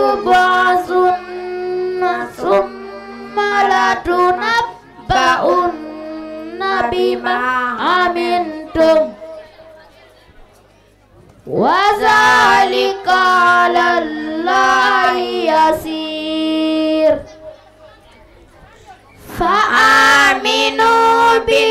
يبعثن ثم لتنبؤن بما عملتم وذلك على الله يسير فآمنوا بالله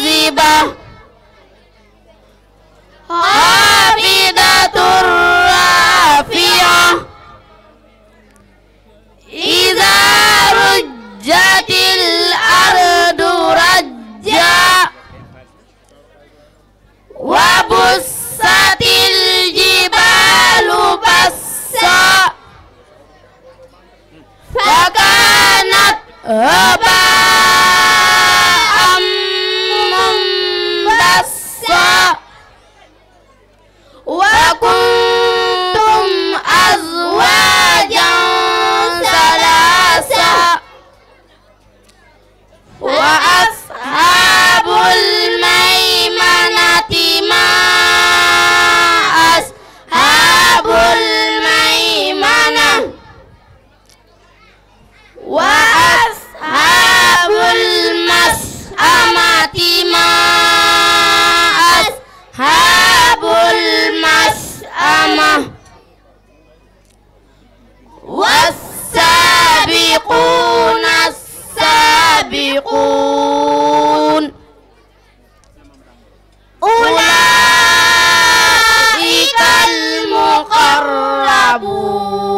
viva. أصحاب المشأمة والسابقون السابقون أولئك المقربون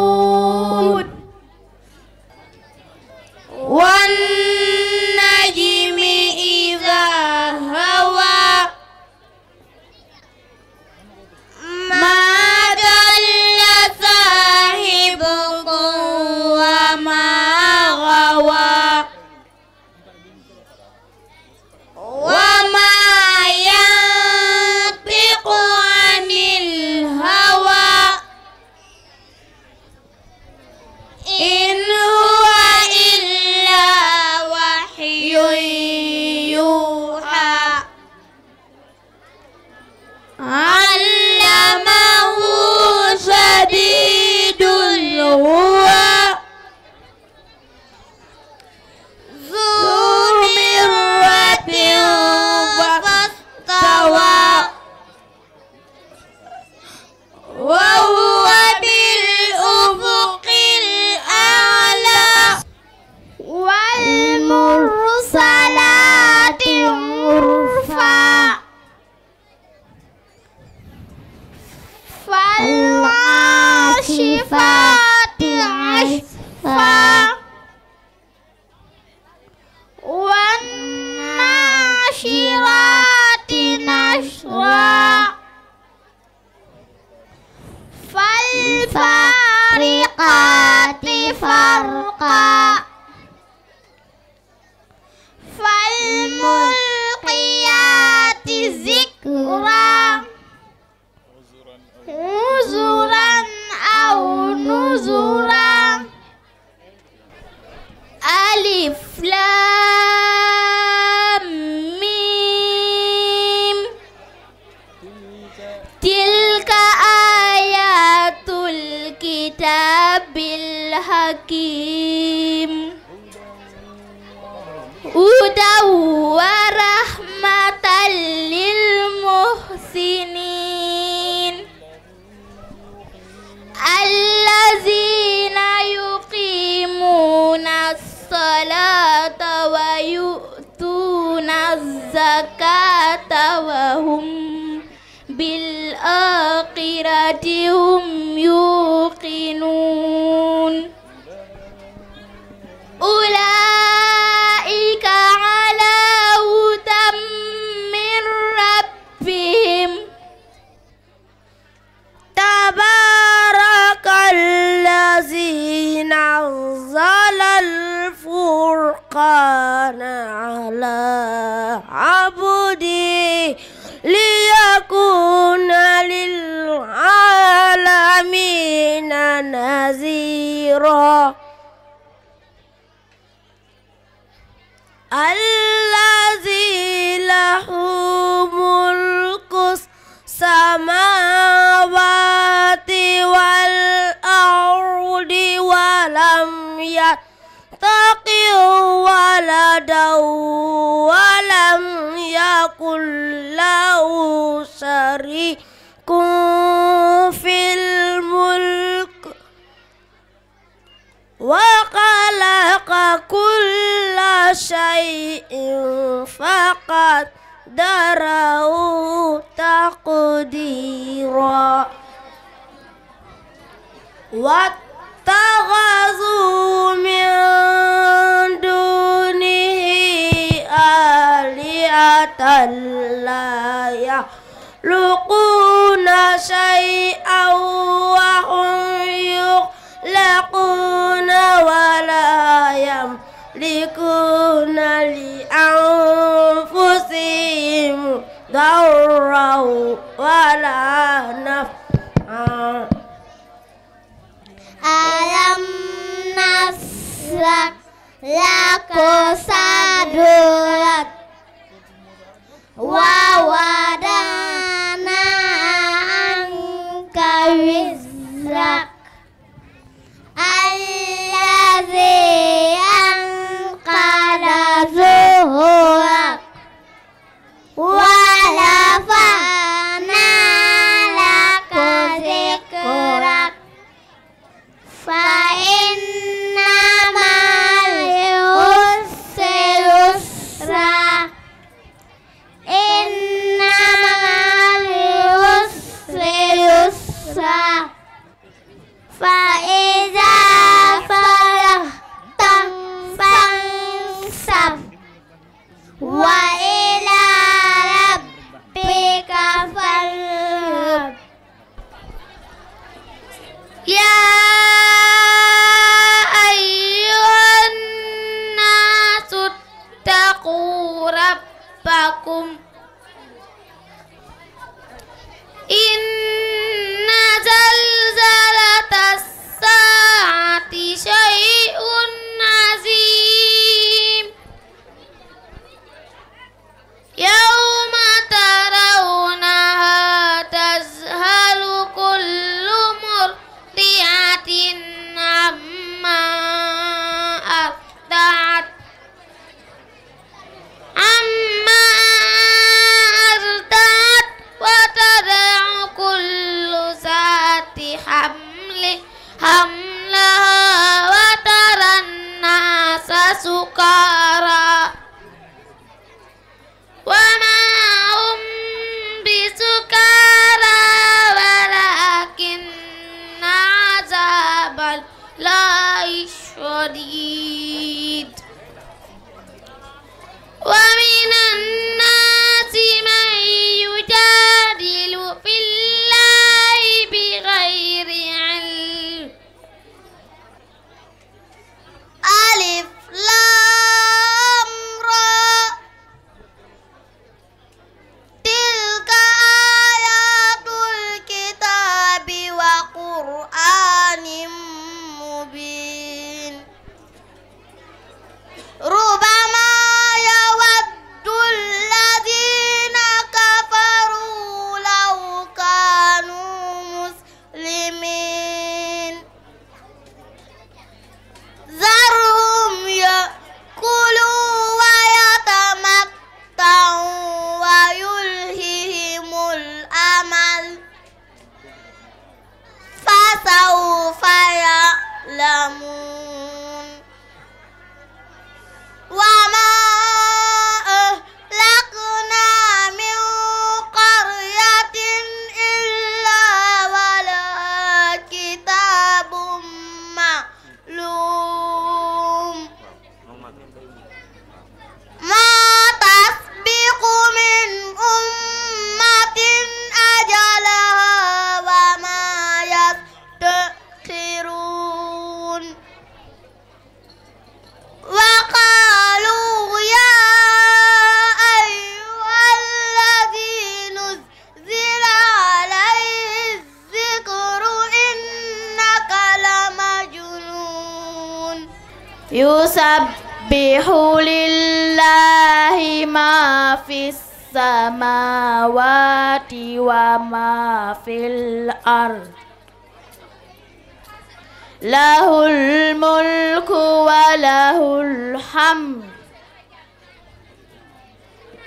la ko sadurat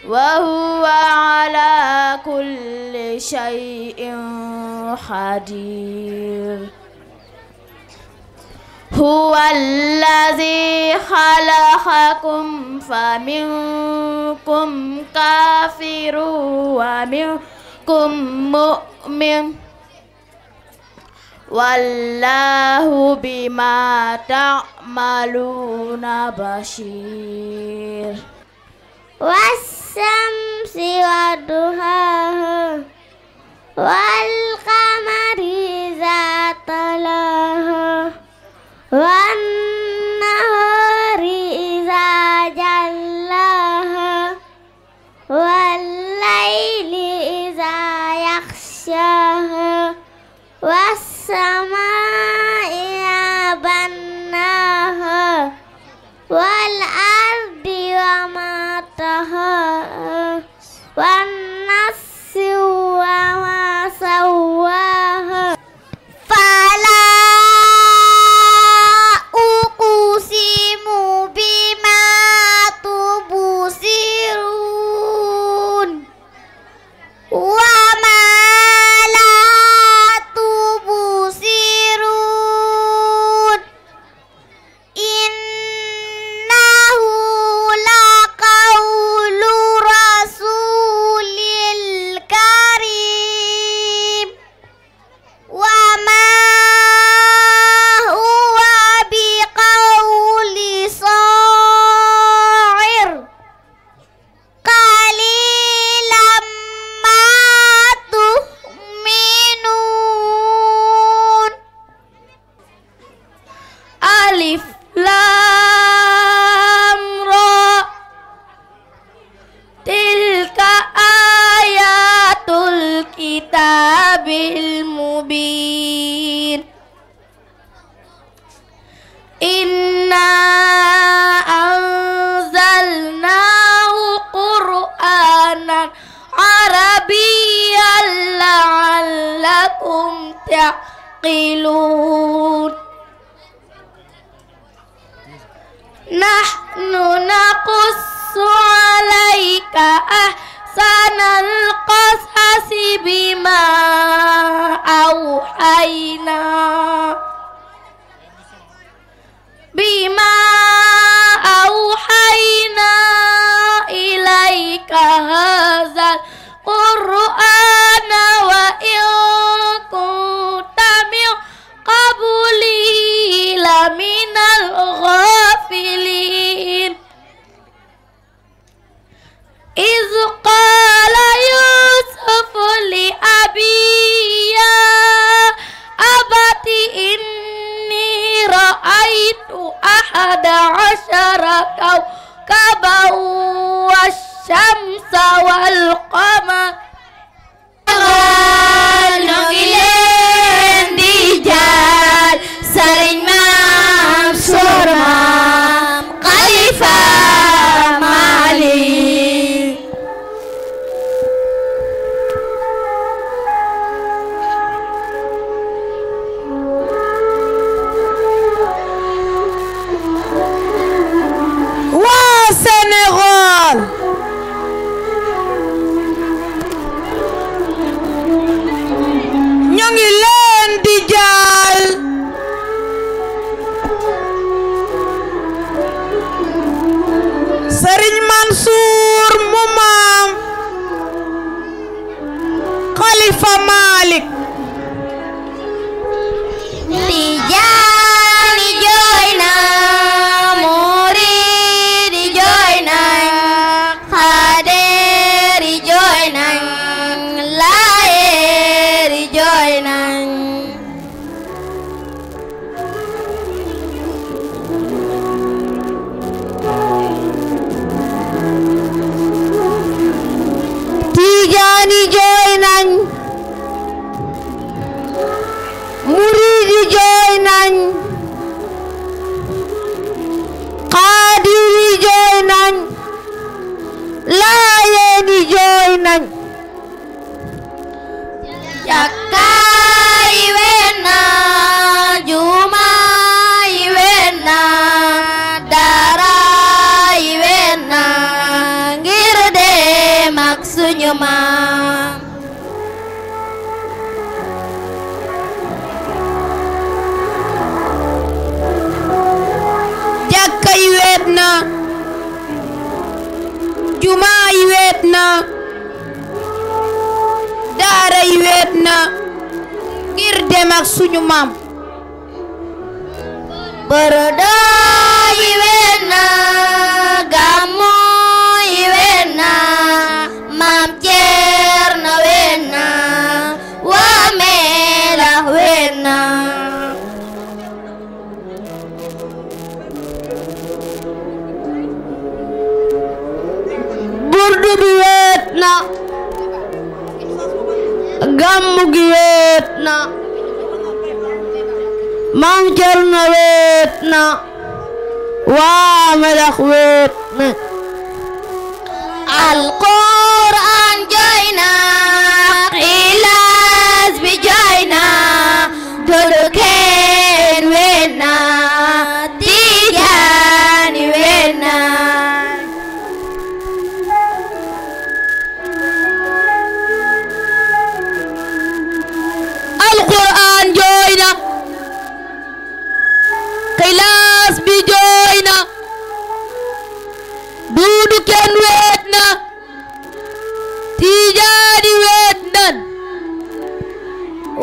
وهو على كل شيء حدير هو الذي خلقكم فمنكم كافر ومنكم مؤمن والله بما تعملون بشير والسلام syamsi wa duhaha wal kamari iza wan Wassalamualaikum 啊哈。na ngir dem ak suñu mam bërëdo yi wér na gàmmu yi na maam na wena gàmmu gi weet na maam Cerno weet na waa melax weet na alquran jooy na xilaas bi jooy na kenn weet na tijaani weet nan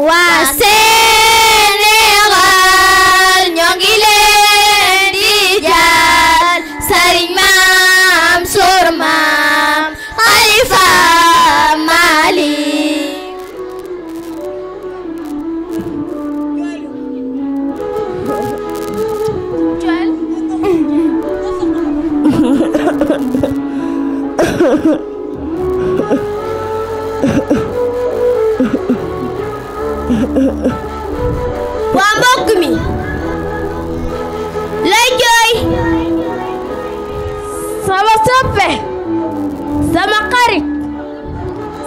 waa seen waa mbokk mi lay jooy sama soppe sama xarit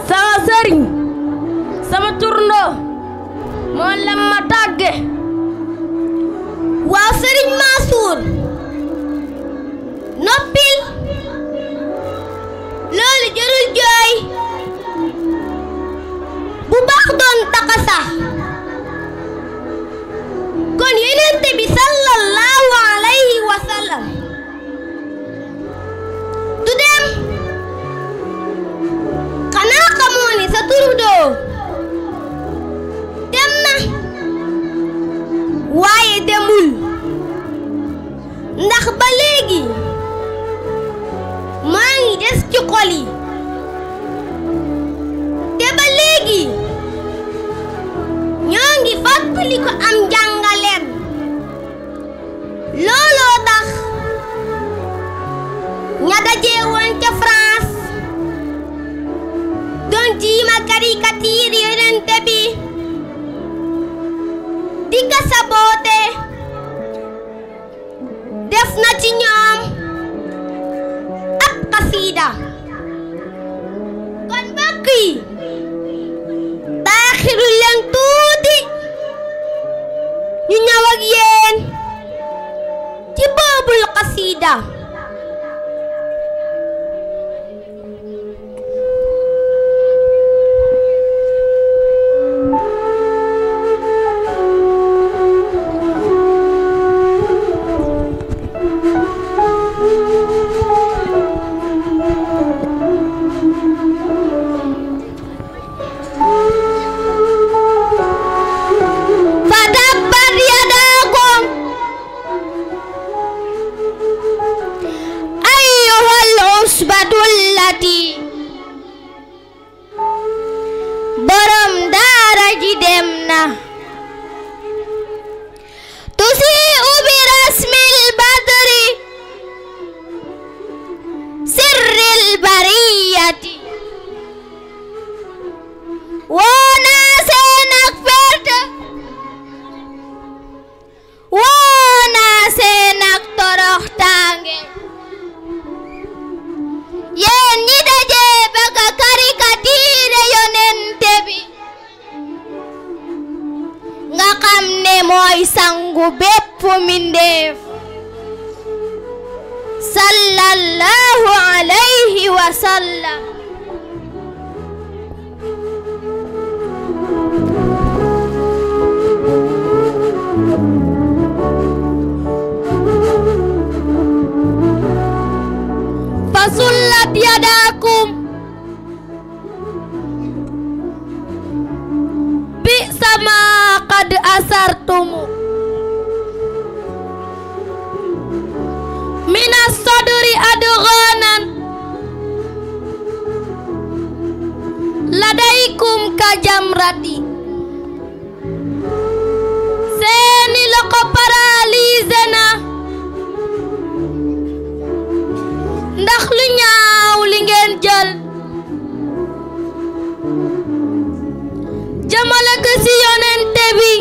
sama sering, sama turno, malam lam ma tàgge waa sëriñ Sanggup bépp mindef? sallallahu alaihi wasallam. sallam tiada yadakum bi sama qad asartumu minas saduri adughanan ladaikum kajamrati seni loko para lizana ndax lu ñaaw li ngeen jël jëmale ko si yonente bi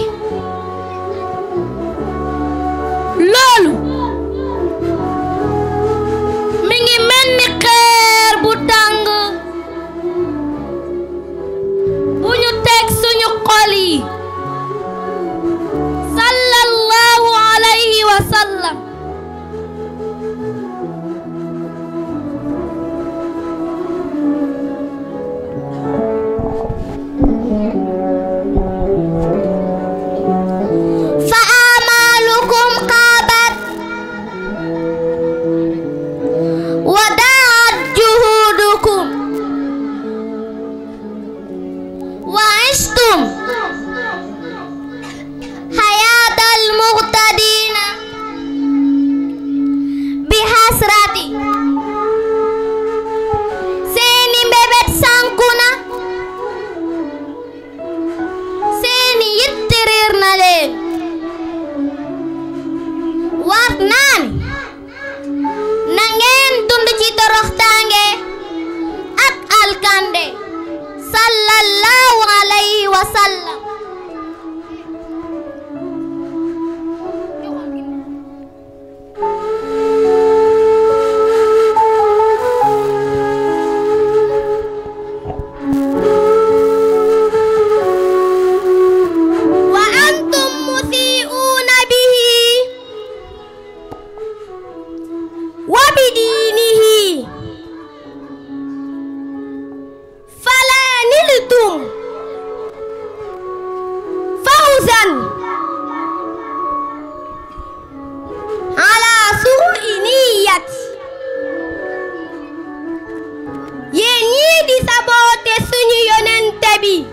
比。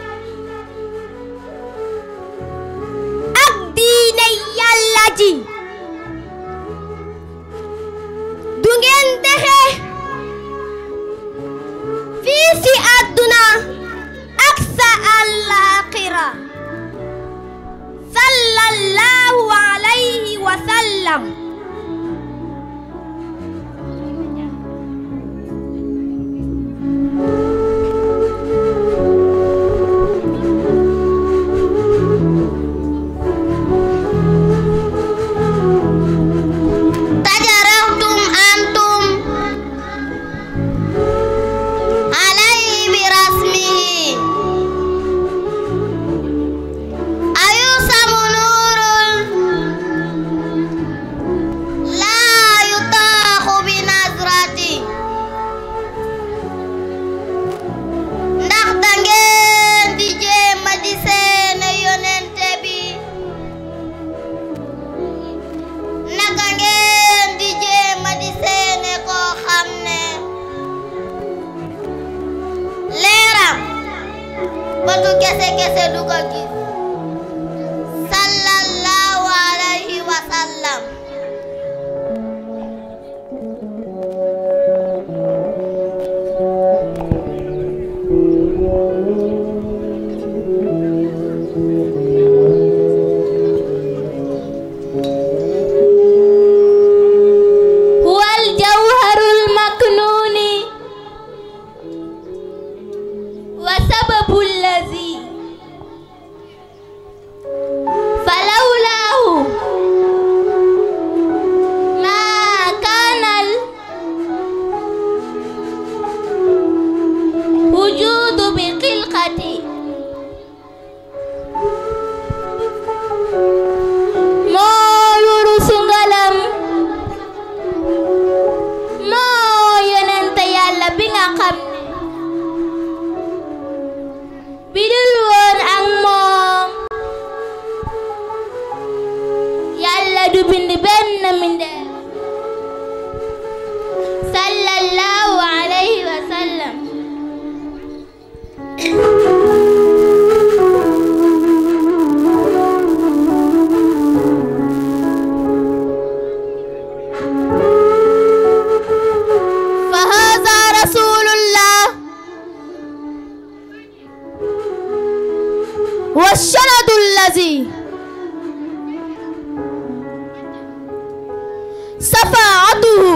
safa'atuhu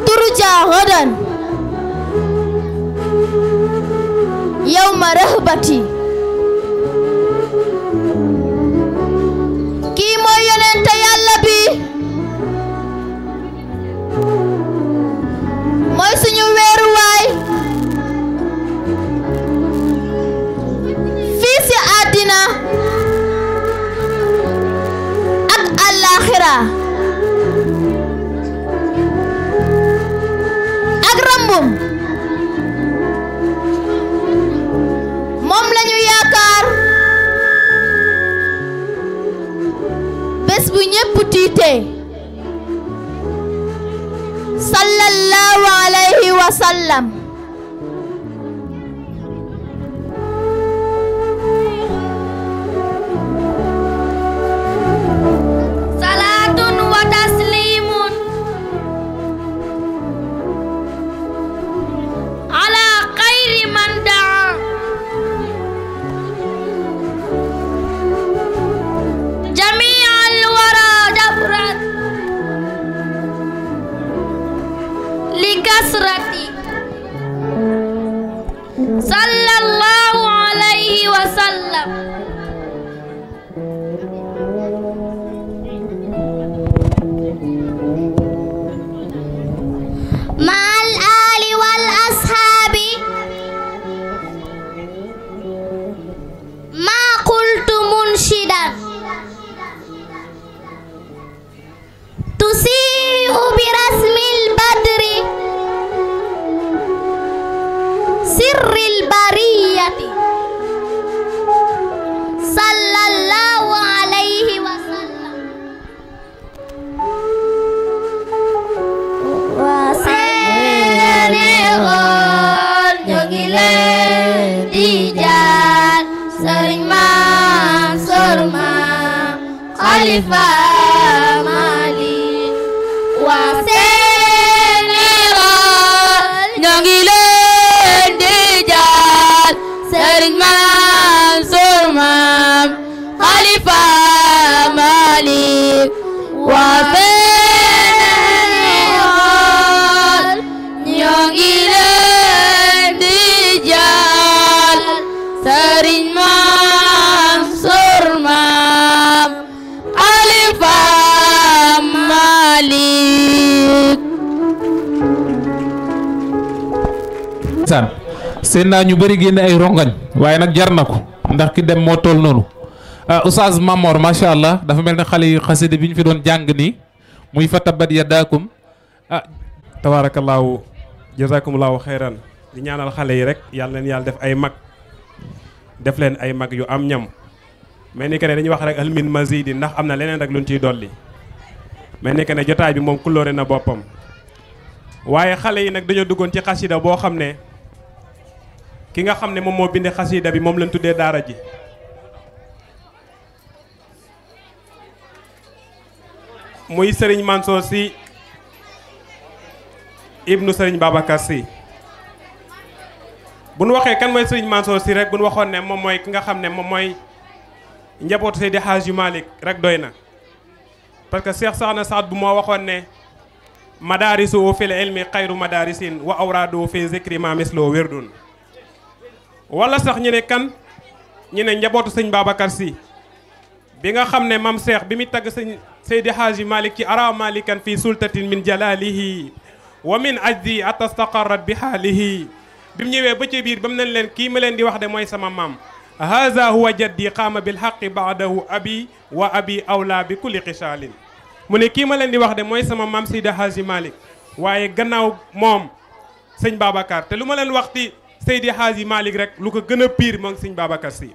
turja hodan yauma rahbati saan seen naa ñu bari génne ay rongañ waaye nag jar na ko ndax ki dem moo toll noonu ah, oustaz Mamor macha allah dafa mel ne xale yu xasida bi ñu fi doon jàng nii muy fa tabat yadaakum ah tabaarakallaahu jazaakumullaahu xeyran di ñaanal xale yi rek yàlla leen yàlla def ay mag def leen ay mag yu am ñam mais ni que ne dañuy wax rek almin mazidi ndax am na leneen rek luñ ciy dolli mel ni que ne jotaay bi moom kulóore na boppam waaye xale yi nag dañoo duggoon ki nga xam ne moom moo binde xasiida bi moom lañ tuddee daara ji muy sëriñ Mansour si ibnu sëriñ Babacar si bu nu waxee kan mooy sëriñ Mansour si rek bu nu waxoon ne moom mooy ki nga xam ne moom mooy njabootu Seydi Hadji Malick rek doy na parce que Cheikh Sokhna Saad bu moo waxoon ne madaarisu fil ilmi xayru madaarisin wa awraadu fi zikri ma misloo wérdun wala sax ñu ne kan ñu ne njabootu sëñ Babacar si bi nga xamne mam Cheikh bi mi tag sëñ Seydi haji malik ara malikan fi sultatin min jalalihi wa min ajdi atastaqarrat bi halihi bi ñewé ba ci biir bam nañ leen ki ma leen di wax de moy sama mam هذا هو جدي قام بالحق بعده ابي وابي اولى بكل bi kulli xisaalin mu ne واخ دي موي سما مام de mooy مالك وايي غناو موم سيغ بابكار تي لوما sëñ واختي Seydi Hadji Malick rek lu ko gën a piir moo sëñ Babacar yi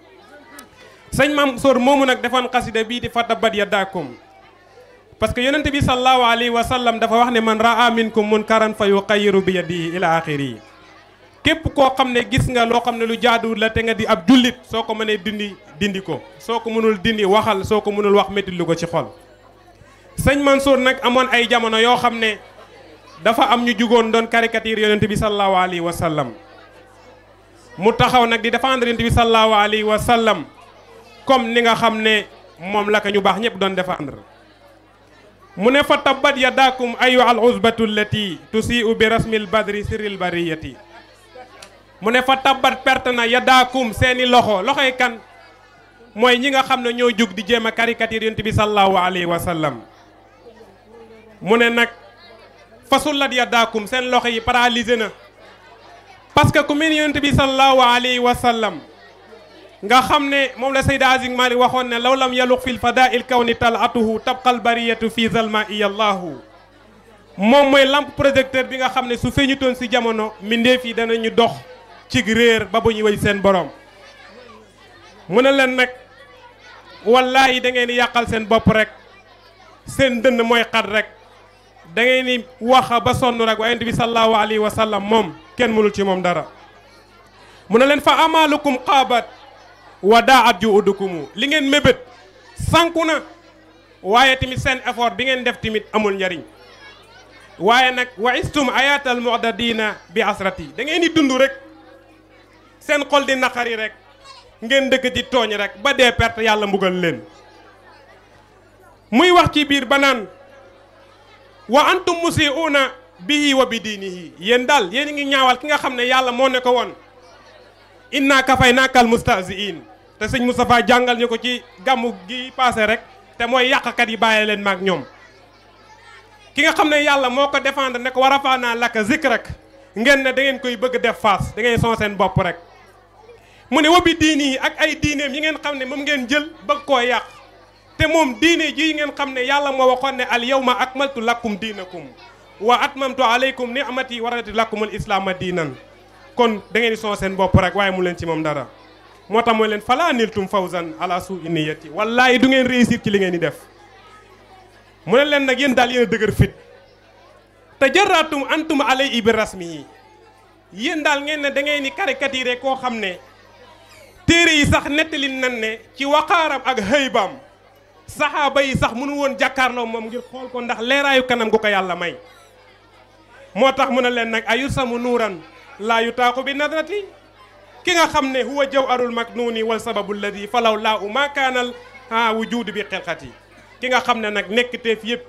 sëñ Maam Soor moomu nag defoon xasida bii di fatabat yadaakum parce que yonent bi sallallahu alayhi wa sallam dafa wax ne man raa minkum munkaran fa yuqayyiru bi yadihi ila axiri képp koo xam ne gis nga loo xam ne lu jaaduwul la te nga di ab jullit soo ko mënee dindi dindi ko soo ko mënul dindi waxal soo ko mënul wax métti ko ci xol sëñ Mansour nag amoon ay jamono yoo xam ne dafa am ñu jugoon doon caricature yonent bi sallallahu alayhi wa mu taxaw nag di défendre yonent bi sallallahu alayhi wa sallam comme ni nga xam ne moom la ko ñu baax ñëpp doon défendre mu ne fa tabbat yadaakum ayu al usbatu allati tusiu bi rasmil badri siril bariyati mu ne fa tabbat perte na yadaakum seeni loxo loxoy kan mooy ñi nga xam ne ñoo jóg di jéem a caricature yonent bi sallallahu alayhi wa sallam mu ne nag fasullat yadaakum seen loxo yi paralise na parce que ku mel yonent bi sallallahu alayhi wa sallam nga xam ne moom la Seydi Aziz Malik waxoon ne law lam yaluq fil fadail kawni talatuhu tabqal bariyatu fi zalma iyallahu moom mooy lampe projecteur bi nga xam ne su feeñu toon si jamono mbindeef yi danañu dox cig réer ba bu ñu wéy seen borom mu ne leen nag wallaahi da ngeen yàqal seen bopp rek seen dënn mooy xat rek da ngay ni wax ba sonn rek waaye bi sallallahu alayhi wa sallam moom kenn mënul ci moom dara mu ne leen fa amalukum xaabat wa daat ju uddukumu li ngeen mébét sànku na waaye tamit seen effort bi ngeen def tamit amul njariñ waaye nag wa istum ayatal mu'dadina bi asrati da ngeen di dund rek seen xol di naqari rek ngeen dëkk di tooñ rek ba dee pert yàlla mbugal leen muy wax ci biir banaan wa antum musiuuna bihi wa bi diinihi yéen daal yéen ngi ñaawal ki nga xam ne yàlla moo ne ko woon inna kafay naakal in te sëñ Moustapha jàngal ñu ko ci gàmmu gi passé rek te mooy yàqkat yi bàyyi leen maag ñoom ki nga xam ne yàlla moo ko défendre ne ko war a faa naa lakk zik rek ngeen ne da ngeen koy bëgg def face da ngeen son seen bopp rek mu ne wa bi diini yi ak ay diineem yi ngeen xam ne moom ngeen jël bëgg koo yàq te moom diine ji ngeen xam ne yàlla moo waxoon ne al yawma akmaltu lakum diinakum wa atmamtu alaykum ni'mati wa raditu lakum al islaama diinan kon da ngeen di son seen bopp rek waaye mu leen ci moom dara moo tax mooy leen falaa niltum fawzan ala su'i niyati wallaahi du ngeen réussir ci li ngeen di def mu ne leen nag yéen daal yéen dëgër fit te jaraatum antum alay ibi rasmi yi yéen daal ngeen ne da ngeen ni caricature koo xam ne téere yi sax nettali nan ne ci waqaaram ak xëybaam saxaaba yi sax mënu woon jàkkaarloo moom ngir xool ko ndax leeraayu kanam gu ko yàlla may moo tax mu ne leen nag ayu samu nuuran laa yu taaxu bi nadrati ki nga xam ne huwa jaw arul maknuuni wal sababu alladi falaw laa u maakaanal wu wujuud bi xelxat yi ki nga xam ne nag nekk teef yëpp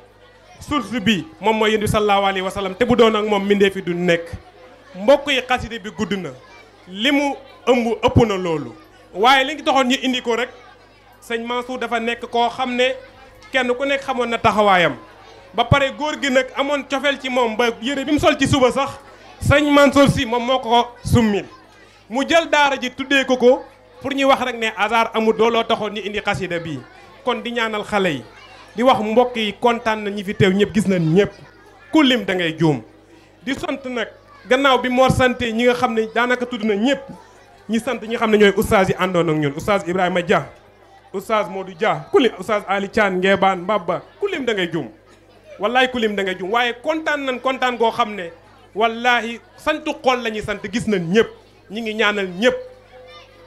source bi moom mooy yéen bi sallallahu alayhi wa te bu doon ak moom mindee fi du nekk mbokk yi xaside bi gudd na li mu ëmb ëpp na loolu waaye li ngi taxoon ñu indi rek sëñ Mansour dafa nekk koo xam ne kenn ku nekk xamoon na taxawaayam ba pare góor gi nag amoon cofeel ci moom ba yére bi mu sol ci suba sax sëñ Mansour si moom moo ko summil mu jël daara ji tuddee ko ko pour ñu wax rek ne hasard amul dooloo taxoon ñu indi xasida bii kon di ñaanal xale yi di wax mbokk yi kontaan na ñi fi teew ñëpp gis nañ ñëpp ku lim da ngay juum di sant nag gannaaw bi Mor santé ñi nga xam ne daanaka tudd na ñëpp ñi sant ñi xam ne ñooy oustaz yi àndoon ak Ibrahima Dia oustaz Modou Dia ku lim oustaz Ali Thian Ngeebaan Mbabba ku lim da ngay juum wallahi ku lim da ngay juum waaye kontaan nan kontaan goo xam ne wallahi santu xool la ñuy sant gis nañ ñëpp ñi ngi ñaanal ñëpp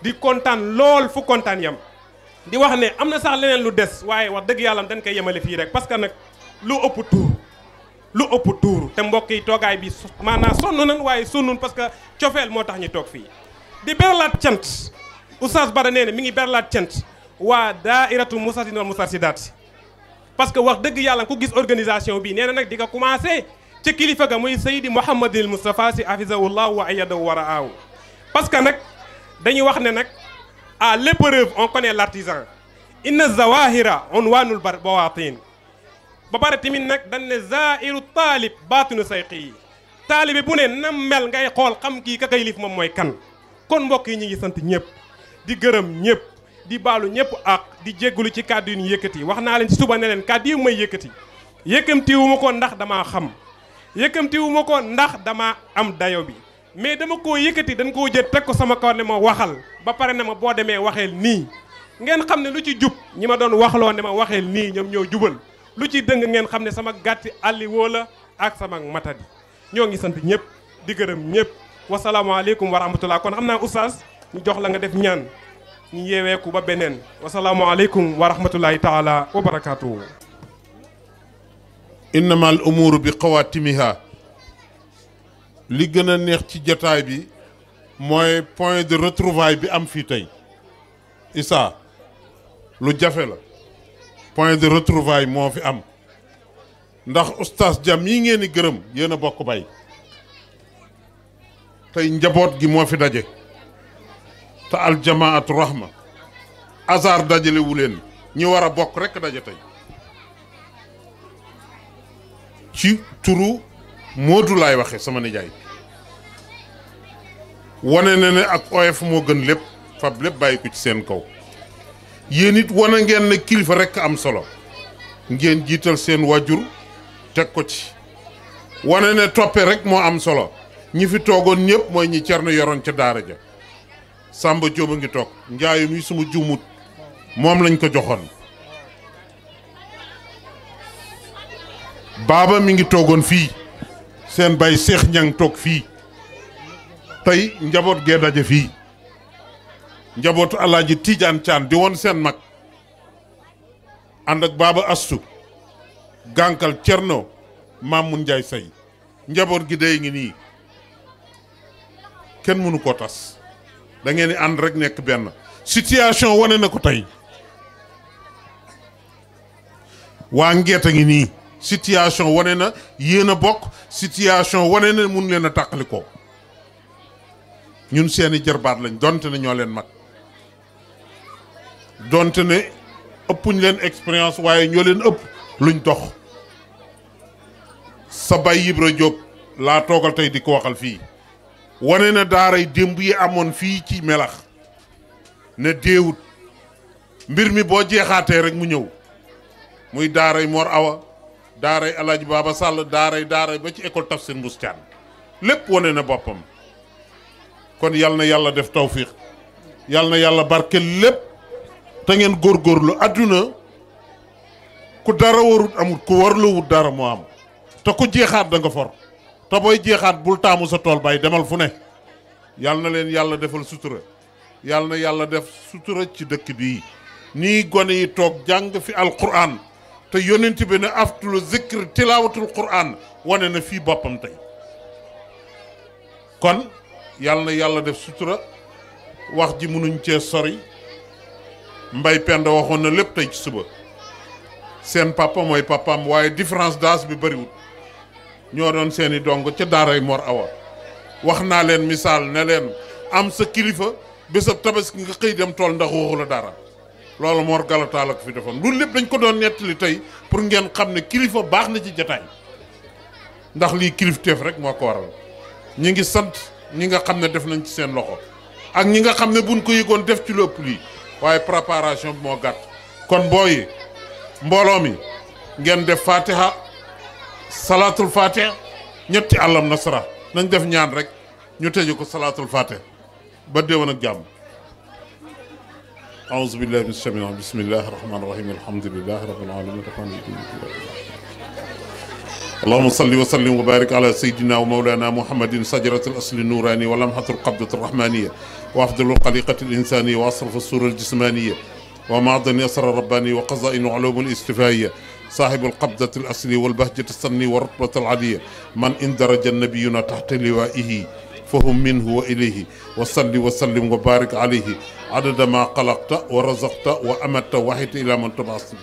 di kontaan lool fu kontaan yam di wax ne am na sax leneen lu des waaye wax dëgg yàlla dañ koy yemale fii rek parce que nag lu ëpp tuur lu ëpp tuur te mbokk yi toogaay bi maanaam sonn nan waaye sonnun parce que cofeel moo tax ñu toog fii di berlaat cant oustaz Bada nee na mi ngi berlaat cant waa daairatu musatin wal musarsidaat parce que wax dëgg yàlla ku gis organisation bi nee na nag di nga commencé ci kilifa ga muy Seydi Mouhamadil Moustapha si hafizahullah wa ayadahu wa raahu parce que nag dañuy wax ne nag à l'épreuve on connaît l'artisan inna zawahira unwanul bawatin ba pare tamit nag dañ ne zairu taalib baatinu sayqi yi taalibi bu ne nam mel ngay xool xam kii ka kay lif moom mooy kan kon mbokk yi ñu ngi sant ñëpp di gërëm ñëpp di baalu ñëpp ak di jéggulu ci kàddu yu ñu wax naa leen ci suba ne leen kàddu yi may yëkkati yëkkamtiwu ma ko ndax damaa xam yëkkamtiwu ma ko ndax damaa am dayo bi mais dama koo yëkkati dañ koo jël teg ko sama kaw ne ma waxal ba pare na ma boo demee waxeel nii ngeen xam ne lu ci jub ñi ma doon waxloo ne ma waxeel nii ñoom ñoo jubal lu ci dëng ngeen xam ne sama gàtti àlli woo la ak sama matadi ñoo ngi sant ñëpp di gërëm ñëpp wasalaamaaleykum wa rahmatullah kon xam naa oustaz ñu jox la nga def ñaan ni yeewee ku ba beneen wasalaamualeykum wa rahmatullahi taala wa barakaatuhu innama al umuru bi xawaatimiha li gën a neex ci jotaay bi mooy point de retrouvaille bi am fii tey Issa lu jafe la point de retrouvaille moo fi am ndax oustaz Jam yi ngeen di gërëm yéen a bokk bay tey njaboot gi moo fi daje te aljamaatu rahma hasard dajalewu leen ñi war a bokk rekk daje ci turu móotu laay waxe sama nijaay wane na ne ak oyof moo gën lépp fab lépp bàyyi ko ci seen kaw yéen it wone ngeen ne kilifa rekk am solo ngeen jiital seen wajur teg ko ci wane ne toppe rekk moo am solo ñi fi toogoon ñëpp mooy ñi Cerno yoroon ca daara ja sàmba Diop a ngi toog njaayu mi suma juumut moom lañ ko joxoon baaba mi ngi toogoon fii seen bay Seex Ñang toog fii tey njaboot gee daje fii njabootu Alaaji Tiijaan Caan di woon seen mag ànd ak baaba astu gànkal cerno Mamoun Ndiaye say njaboot gi day ngi nii kenn mënu koo tas da ngeen di ànd rek nekk benn situation wane na ko tey waa ngeet a ngi nii situation wane na yéen a bokk situation wane na mun leen a tàqali ko ñun seeni jarbaat lañ donte ne ñoo leen mag donte ne ëppuñ leen expérience waaye ñoo leen ëpp luñ dox sa bay Ibra Diop laa toogal tey di ko fii wane na daaray démb yi amoon fii ci melax na déewut mbir mi boo jeexaatee rek mu ñëw muy daaray Mor Awa daaray Alaaji Baaba Sàll daaray daaray ba ci école tafsir mbustaan lépp wane na boppam kon yal na yàlla def tawfiix yal na yàlla barke lépp te ngeen góorlu àdduna ku dara warut amut ku warloo wut dara mu am te ku jeexaat da for te booy jeexaat bul taamu sa tool bay demal fu ne yàlla na leen yàlla defal sutura yàlla na yàlla def sutura ci dëkk bii nii gone yi toog jàng fi alquran te yonent bi ne aftulu zikr tilaawatul quran wane na fii boppam tey kon yàlla na yàlla def sutura wax ji mënuñ cee sori mbay pend waxoon na lépp tey ci suba seen papa mooy papaam waaye différence d'âge bi bariwul ñoo doon seen i dong ca daaray Mor Awa wax naa leen misaal ne leen am sa kilifa bésab tabaski nga xëy dem tool ndax waxu la dara loolu Mor Galataal ak fi defoon loolu lépp dañ ko doon nettali tey pour ngeen xam ne kilifa baax na ci jataay ndax lii kilifteef rek moo ko waral ñi ngi sant ñi nga xam ne def nañ ci seen loxo ak ñi nga xam ne buñ ko yëgoon def ci lépp lii waaye préparation bi moo gàtt kon booyi mbooloo mi ngeen def fatiha صلاه الفاتح ñetti àllam nasara nañ def ñaan rek ñu tëju ko salaatul fatiha ba déwén ak jàmm أعوذ بالله من السميع بسم الله الرحمن الرحيم الحمد لله رب العالمين الرحمن الرحيم اللهم صل وسلم وبارك على سيدنا ومولانا محمد شجرة الأصل النوراني ولمحة القبضة الرحمانية وأفضل القليقة الإنسانية وأصرف الصورة الجسمانية ومعدن يسر الرباني وقضاء علوم الاستفهاية صاحب القبضة الأصلي والبهجة السني والرتبة العالية من اندرج النبينا تحت لوائه فهم منه وإليه وصلي وسلم وبارك عليه عدد ما قلقت ورزقت وأمت وحيت إلى من تبعث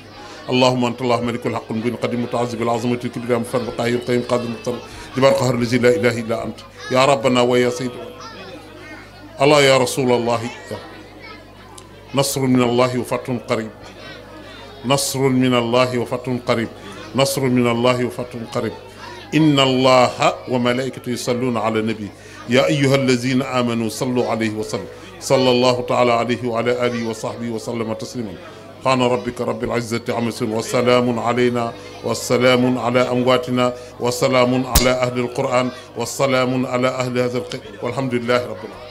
اللهم انت الله ملك الحق المبين قديم متعذب العظمة الكبرى مفر القاهر القيم قادم جبار قهر الذي لا اله الا انت يا ربنا ويا سيدنا الله يا رسول الله نصر من الله وفتح قريب نصر من الله وفتح قريب نصر من الله وفتح قريب إن الله وملائكته يصلون على النبي يا أيها الذين آمنوا صلوا عليه وسلم صلى الله تعالى عليه وعلى آله وصحبه وسلم تسليما سبحان ربك رب العزة عما يصفون وسلام علينا وسلام على أمواتنا وسلام على أهل القرآن وسلام على أهل هذا القرآن والحمد لله رب العالمين